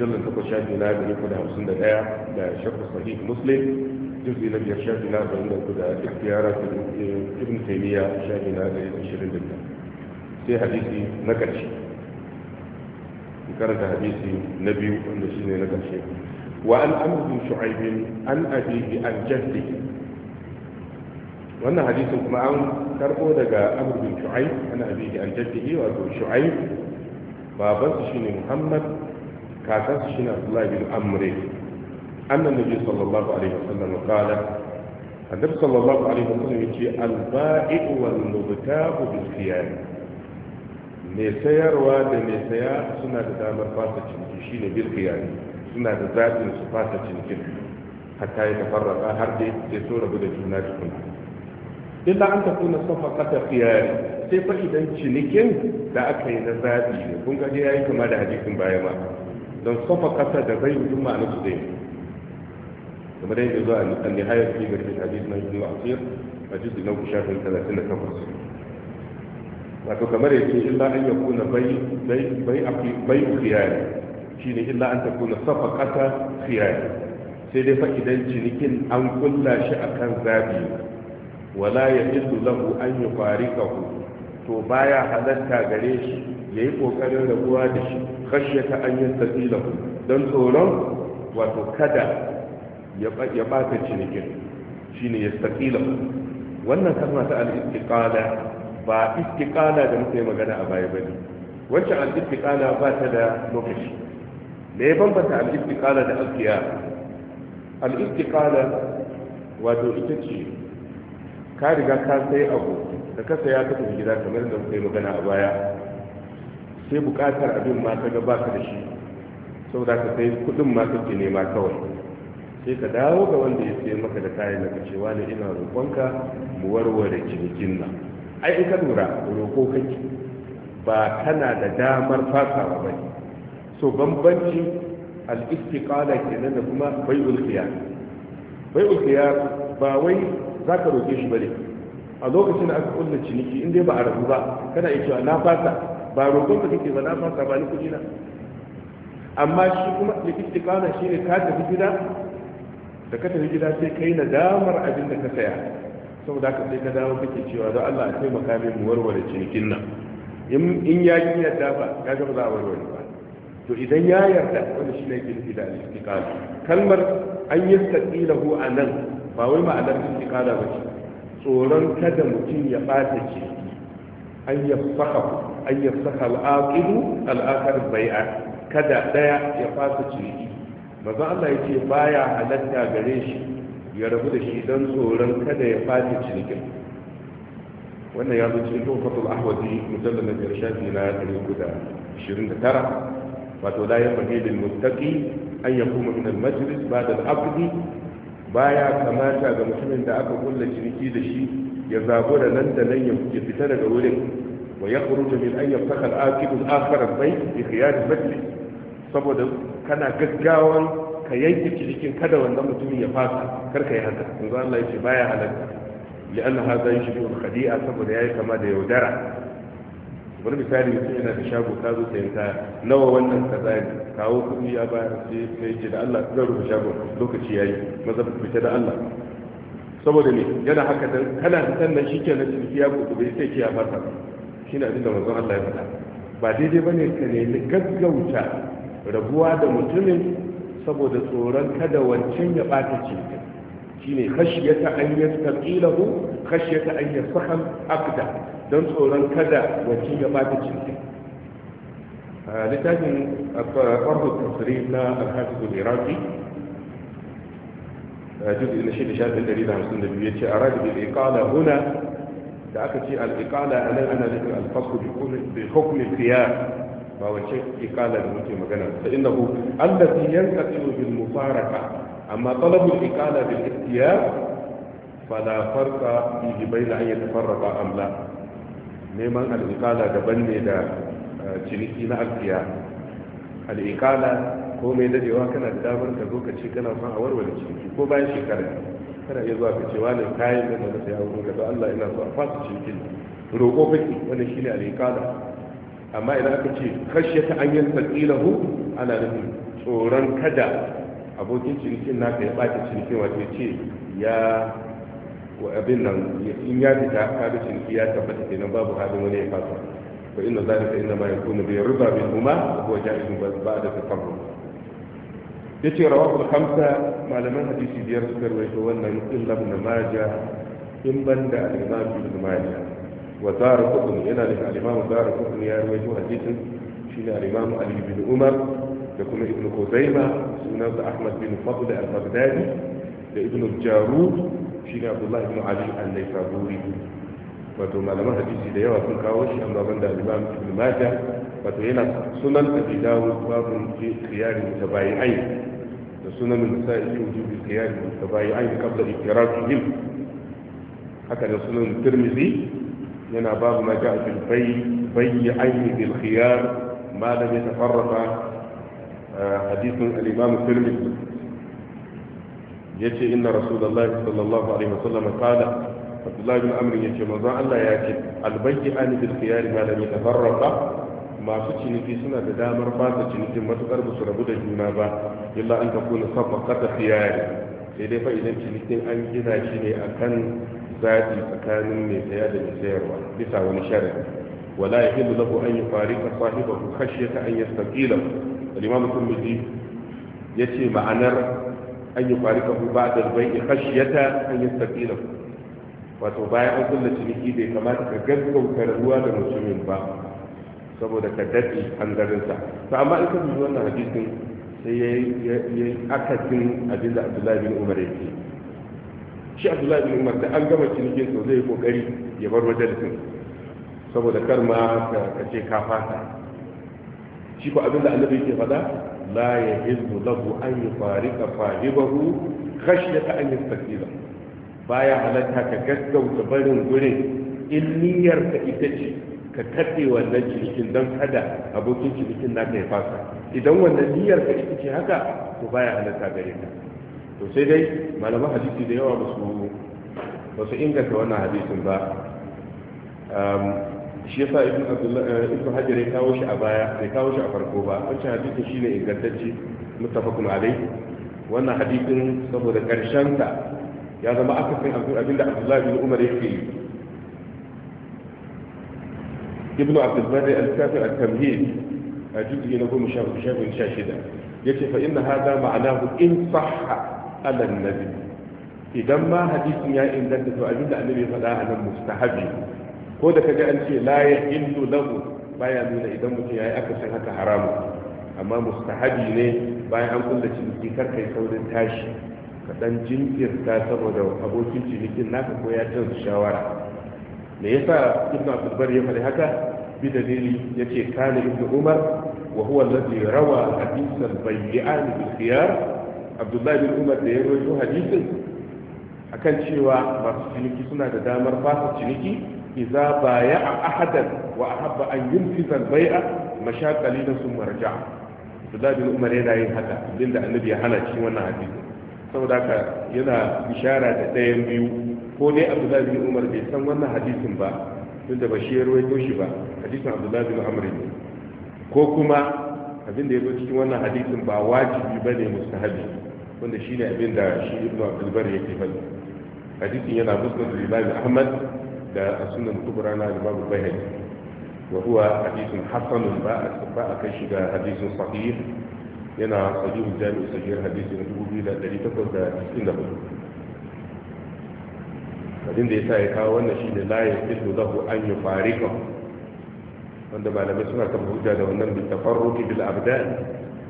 mujallar takwas shafi na da uku da hamsin da ɗaya da shafi sahih muslim jirgi na shafi na da wanda ku da ikhtiyara ibn taymiya shafi na da ashirin da sai hadisi na ƙarshe karanta hadisi na biyu wanda shine na ƙarshe wa an amr an abihi wannan hadisin kuma an karbo daga amr an an wato shu'aib babansa shine muhammad kakansa shi ne abdullahi bin amure annan nabi sallallahu alaihi wasallam qala annabi sallallahu alaihi wasallam yace al-ba'i wal mubta'u bil khiyar mai sayarwa da mai saya suna da damar fasa ciniki shine bil khiyar suna da zaɓin su fasa cinikin hatta ya tafarraka har dai sai so rabu da juna tukuna illa an ta kuna safa kata khiyari sai fa idan cinikin da aka yi na zaɓi ne kun ga ya yi kama da hadisin baya ma don sofa kasa da bai wujin ma'ana su zai kuma dai da zuwa al-nihayar fi garfin hadis na ibn al-asir a jisu na da kushafin 38 wato kamar yake illa an yi kuna bai Shi ne illa an ta kuna sofa kasa khiyari sai dai fa'idan idan cinikin an kulla shi a akan zabi wala ya illu lahu an yi yufarikahu to baya halatta gare shi ya yi ƙoƙarin rabuwa da shi ta an yastaqila don tsoron wato kada ya ɓata cinikin ya yastaqila wannan kalma ta al ba istiqala da muke magana a baya bane wancan al ba ta da lokaci da ya bambanta al da al-qiyam wato ita ce ka riga ka sai abu da kasa ya ka tafi gida kamar da muke magana a baya sai buƙatar abin ma ta ga baka da shi saboda ka sai kudin ma kake nema kawai sai ka dawo ga wanda ya sai maka da kayan daga cewa ne ina roƙonka mu warware cinikin nan ai in ka lura roƙo kake ba kana da damar fasawa ba ne so bambanci al-istiqala kenan da kuma bai'ul khiyar bai'ul khiyar ba wai zaka roƙe shi bane a lokacin da aka kulle ciniki in dai ba a rabu ba kana iya cewa na fasa ba roƙon ka kake ba na san ka bani kuɗi na amma shi kuma likiti kana shi ne ka tafi gida da ka tafi gida sai kai na damar abin da ka saya saboda haka sai ka dawo kake cewa don Allah a taimaka min mu warware cinikin nan in ya ki yarda ba ya ga za a warware ba to idan ya yarda wanda shi ne yake nufi da al-istiqala kalmar an yastaqilahu anan ba wai ma'anar istiqala ba ce tsoron kada mutum ya ɓata ce an yafsaha an yafsaha al-aqidu al-akhar bai'a kada daya ya fasa ciniki manzo Allah yace baya halatta gare shi ya rabu da shi dan tsoron kada ya fasa cinikin wannan ya zo cikin tofatul ahwadi mujallal na shafi na ya 129 wato la yanbaghi lil muttaqi an yakuma min al majlis ba'da al aqd baya kamata ga mutumin da aka kulla ciniki da shi ya zago da nan da nan ya fita daga wurin wa ya kuruta min an yaftaka al'aqibul akhar bai bi khiyar badli saboda kana gaggawan ka yanke cikin kada wannan mutumin ya fasa kar ka yi haka za Allah ya ce baya halatta li'an hadha yushbihu al-khadi'a saboda yayi kama da yaudara wani misali mutum yana da shago ka zo sayan kaya nawa wannan kaza ne kawo kuɗi ya bayar sai ya ce da Allah zan rufe shagon lokaci yayi maza fita da Allah saboda ne yana haka dan kana san nan shikenan ciniki ya kuɗu bai sai kiya fata shine abin da manzon Allah ya faɗa ba daidai bane ka nemi gaggauta rabuwa da mutumin saboda tsoron kada wancan ya bata shi ne khashyata an yastaqilahu khashyata an yasaham aqda dan tsoron kada wancan ya bata ciniki littafin farko tasiri na alhafizu iraki juz'i na shida shafin da hamsin da aka ce al'iƙala a nan magana ta inda ku mufaraka amma talabul iƙala bil ikhtiyar fala farka bihi bayna ne da ciniki na ko mai dadewa kana da damar ka zo kana son a warware ciki ko bayan shekara kana iya zuwa ka ce wani kayan da na saya wurin ka Allah ina so a fasa cikin roƙo fake wannan shine al-iqada amma idan aka ce ta an yantaqilahu ana nufin tsoron kada abokin cinikin naka ya bata cinikin wato ce ya wa abin nan in ya fita ka ciniki ya tabbata kenan babu halin wani ya fasa fa inna zalika inna ma yakunu bi riba bil umma wa huwa jaizun ba'da tafarruq يتي رواه الخمسة ما لم يهدي سيدي يذكر ويتولى إلا ابن ماجة إن بند الإمام ابن ماجة ودار قطن إلى الإمام دار قطن يروي حديث شين الإمام علي بن عمر يكون ابن خزيمة سنوات أحمد بن فضل البغدادي لابن الجارود شين عبد الله بن علي النيسابوري wato malaman hadisi da yawa sun kawo shi amma banda imam ibn majah wato yana sunan abi dawud babu ke kiyari da bayi ayi suna min masa'il wujub al-qiyam wa tabayyi ayy qabla iqrarihim haka da sunan tirmizi yana babu ma ja'a fil bay bayy ayy bil khiyar ma da ya tafarrata eh, hadithun al-imam tirmizi yace inna rasulullahi sallallahu alaihi wasallam qala Abdullah bin Amr yace maza Allah ya ce al-bayy ayy bil khiyar ma da ya masu ciniki suna da damar fasa cinikin matukar ba su rabu da juna ba illa an takuna safaqata khiyari sai dai fa idan cinikin an gina shi ne akan zaɓi tsakanin mai saya da mai sayarwa bisa wani sharadi wala yahillu lahu an yi ba ku sahibahu khashyata an yi yastaqila al-imam at ya ce ma'anar an yi ba hu ba'da ya bayi khashyata an yi yastaqila wato bayan an kulla ciniki bai kamata ka gaggauta ruwa da mutumin ba saboda ka daɗe hanzarinsa to amma in ka dubi wannan hadisin sai ya yi akasin abin da abdullahi bin umar yake shi abdullahi bin umar da an gama cinikin sau zai yi kokari ya bar majalisin saboda kar ma ka ce ka fasa shi ko abin da annabi yake faɗa la ya hilmu lahu an yi farika fahibahu ta an yi Ba baya halatta ka gaggauta barin gurin in niyyar ka ita ce ka kaɗe wannan cinikin don kada abokin cinikin naka ya fasa idan wannan niyyar ka ita ce haka to baya halatta gare ka to sai dai malaman hadisi da yawa basu basu inganta wannan hadisin ba shi yasa ibn abdullah eh, ibn hajar ya kawo shi a baya bai kawo shi a farko ba wancan hadisin shine ingantacce muttafaqun alai wannan hadisin saboda karshen ta ya zama akasin abin abdullahi bin umar yake yi ibn abdulbari al-kafi al-tamhid a jirgi na goma sha shafin sha shida ya ce fa inna hada ma'anahu in sahha ala nabi idan ma hadisin ya inganta to abinda annabi ya faɗa a nan mustahabi ko da kaga an ce la illu lahu baya nuna idan mutum yayi san haka haramu amma mustahabi ne bayan an kulla ciniki kar kai saurin tashi ka dan jinkirta saboda abokin cinikin naka ko ya canza shawara me yasa ibn abdul ya faɗi haka bi dalili yace kana ibn umar wa huwa alladhi rawa hadith al-bay'an bil khiyar abdullahi bin umar da ya rawaito hadisin akan cewa masu ciniki suna da damar fasa ciniki idza baya'a ahadan wa ahabba an yunfiza al-bay'a mashaqalidan sun marja? abdullahi bin umar yana yin haka inda annabi ya hana cikin wannan hadisi saboda haka yana bishara da ɗayan biyu ko ne abdullahi bin umar bai san wannan hadisin ba tun da shi ya ruwaito shi ba hadisin abdullahi bin umar ne ko kuma abin da ya zo cikin wannan hadisin ba wajibi ba ne mustahabi wanda shi ne abin da shi ibnu abdulbar yake faɗi hadisin yana da lillahi ahmad da sunan kubra na imam bayhaqi وهو حديث حسن بقى كشف حديث صحيح هنا صحيح الجامع صحيح حديث نتبه إلى الذي تقول بإسنده abin da sa ya kawo wannan shi shine la yahillu lahu an yufariqa wanda malamai suna kan hujja da wannan bi tafarruqi bil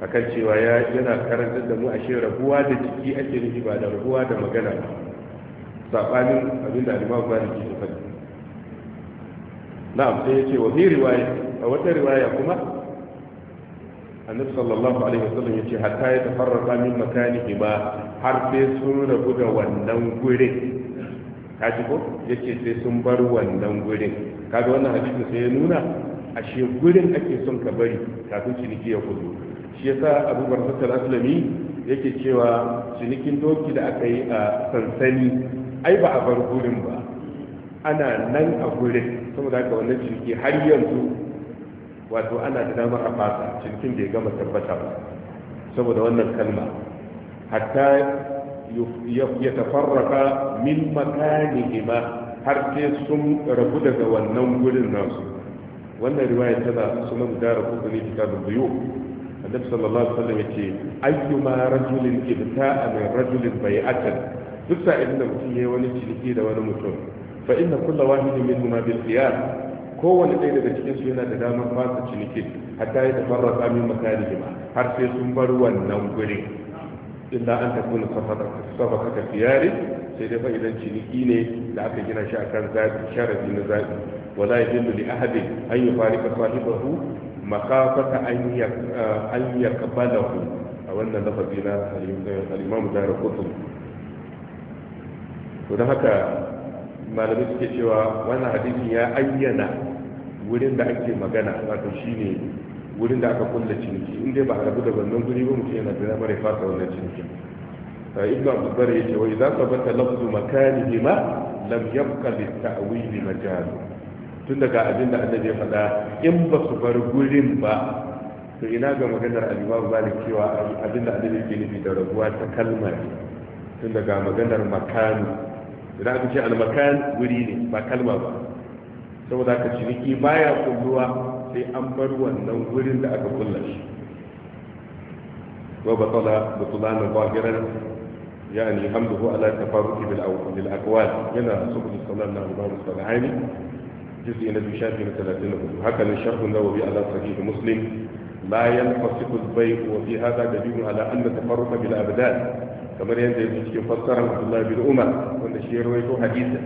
A kan cewa ya yana karantar da mu ashe rabuwa da jiki ake nufi ba da rabuwa da magana sabanin abin da al ba Malik ya faɗi na'am sai yace wa fi riwaya a wata riwaya kuma annabi sallallahu alaihi wasallam ce, hatta ya tafarraqa min makanihima har sai sun rabu da wannan gurin Kaji ji ko yake sai sun bar wannan gurin kaga wannan hadisi sai ya nuna a shi gurin ake son ka bari kafin ciniki ya kudu shi yasa Abu Bakar Aslami yake cewa cinikin doki da aka yi a sansani ai ba a bar gurin ba ana nan a gurin saboda haka wannan ciniki har yanzu wato ana da dama a fasa cinikin bai gama tabbata ba saboda wannan kalma hatta ya tafarraka min makanihima har sai sun rabu daga wannan gurin nasu wannan riwaya tana sunan dara kudin kitabul biyu annabi sallallahu alaihi wasallam yace ayyuma rajulin ibta'a min rajulin bai'atan duk sa'in da mutum yayi wani ciniki da wani mutum fa inna kullu wahidin minhuma bil khiyar kowane ɗaya daga cikin su yana da damar fasa ciniki hatta ya tafarraka min makanihima har sai sun bar wannan gurin illa an ta kuna sabaka ka fiyari sai dai fa'idan ciniki ne da aka gina shi akan zaɓi sharadi na zaɓi wala ya jindu li ahadin an yi farika sahibahu makafata an ya eh, kabalahu a wannan lafazi na al-Imam dara kutu to dan haka malamai suke cewa wannan hadisi ya ayyana wurin da ake magana wato shine wurin da aka kulle ciniki in dai ba a rabu da wannan guri ba mutum yana da damar ya fasa wannan cinikin ibn abdulbar wai za ka bata lafzu ne ma lam yabqa lit-ta'wil majal tun daga da annabi ya faɗa in ba su bar gurin ba to ina ga maganar al-imam malik cewa da annabi yake nufi da rabuwa ta kalma ne tun daga maganar makani idan aka ce al-makan guri ne ba kalma ba saboda ka ciniki baya kulluwa sai an bar wannan wurin da aka kulla shi wa batala batulan zahiran yani hamduhu ala tafarruqi bil awqi bil aqwal yana subul sallallahu alaihi wa sallam na نبي شافي من 30 هكذا الشرح النووي على صحيح مسلم لا ينفسق البيع وفي هذا دليل على ان التفرق kamar كما yake في فسر عبد الله بن عمر وان الشيء رويته حديثا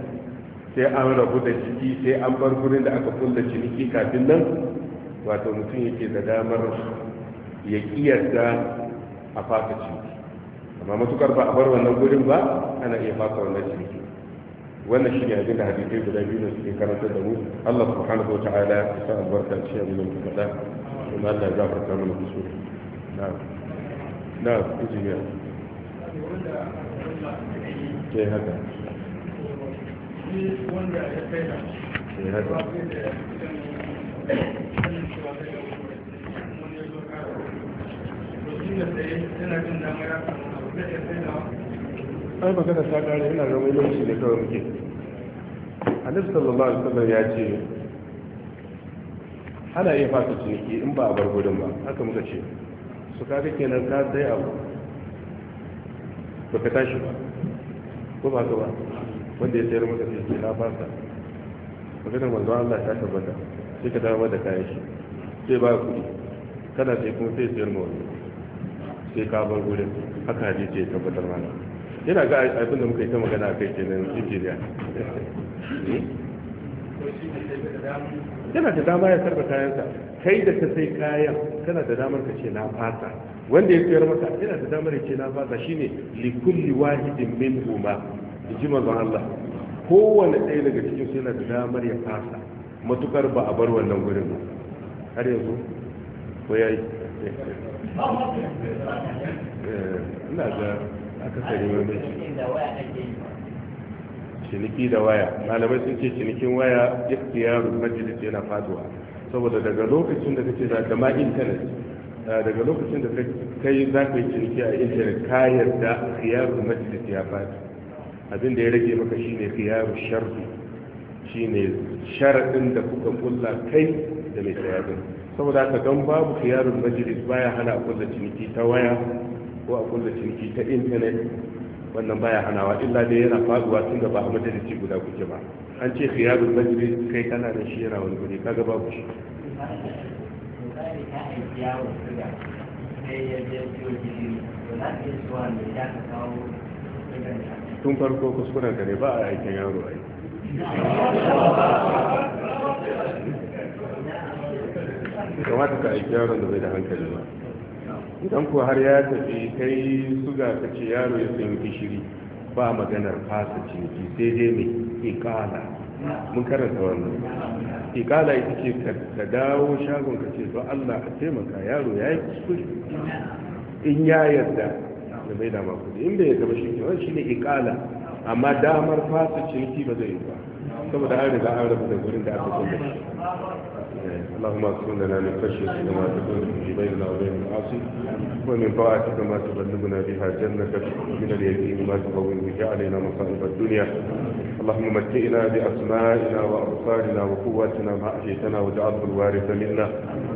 sai an rabu da ciki sai an bar gurin da aka kulla ciniki kafin nan wato mutum yake da damar ya kiyarta a fata ciniki amma matukar ba a bar wannan gurin ba ana iya fata wannan ciniki wannan shi ne abin da hadisai guda biyu da suke karanta da mu Allah subhanahu wa ta'ala ya sa albarka ce a minan faɗa kuma Allah ya zafarta mana kusuri na'am na'am injiniya ke haka wanda ya kai ta kare yana zama yanci ne kawai muke ya ce ciniki in ba a bar ba haka muka ce su kaga kenan ka sai abu baka tashi ko ba ka ba wanda ya sayar maka sai na fasa maganar manzo Allah ta tabbata sai ka dawo da kayan shi sai ba kuɗi kana sai kuma sai sayar mawa sai ka bar gurin haka ne ce tabbatar mana yana ga abin da muka yi ta magana a kai nan Nigeria yana da dama ya karba kayansa kai da ka sai kayan kana da damar ka ce na fasa wanda ya sayar maka yana da damar ya ce na fasa shine likulli wahidin min huma ji mazan Allah kowane ɗaya daga cikin su yana da damar ya fasa matukar ba a bar wannan gurin ba har yanzu ko yayi eh, ina ga akasari wani ciniki da waya malamai sun ce cinikin waya ya yaro majalis yana faduwa saboda daga lokacin da kake za ka ma internet eh, daga lokacin da kai za ka yi ciniki a internet ka yarda ikhtiyarul majalis ya fadi abin da ya rage maka shine khiyaru shi shine sharadin da kuka kulla kai da mai sayarwa saboda haka don babu khiyarun majlis baya hana a kulla ciniki ta waya ko a kulla ciniki ta intanet wannan baya hanawa illa dai yana faduwa tun da ba a majalisi guda kuke ba an ce khiyarun majlis kai kana da shi yana wani guri kaga babu shi sai ya za ka ka tun farko kuskuren ka ne ba a aikin yaro ai kamata ka aiki yaron da bai da hankali ba idan ku har ya tafi kai suga ka ce yaro ya sayi gishiri ba maganar fasa ciniki sai dai mai ikala mun karanta wannan ikala ita ce ka dawo shagon ka ce to Allah a taimaka yaro ya yi kuskure in ya yarda ya bai dama kudi in bai yadda ba shi ke wani shi ne ikala amma damar fasa ciniki ba zai yi ba saboda an riga an rabu da gurin da aka kulle shi اللهم اكفنا لنا من خشيتك ما تكون به بيننا وبين المعاصي ومن طاعتك ما تبلغنا بها جنتك من اليقين ما تهون به علينا مصائب الدنيا اللهم متئنا باسمائنا وابصارنا وقواتنا ما احييتنا واجعله الوارث منا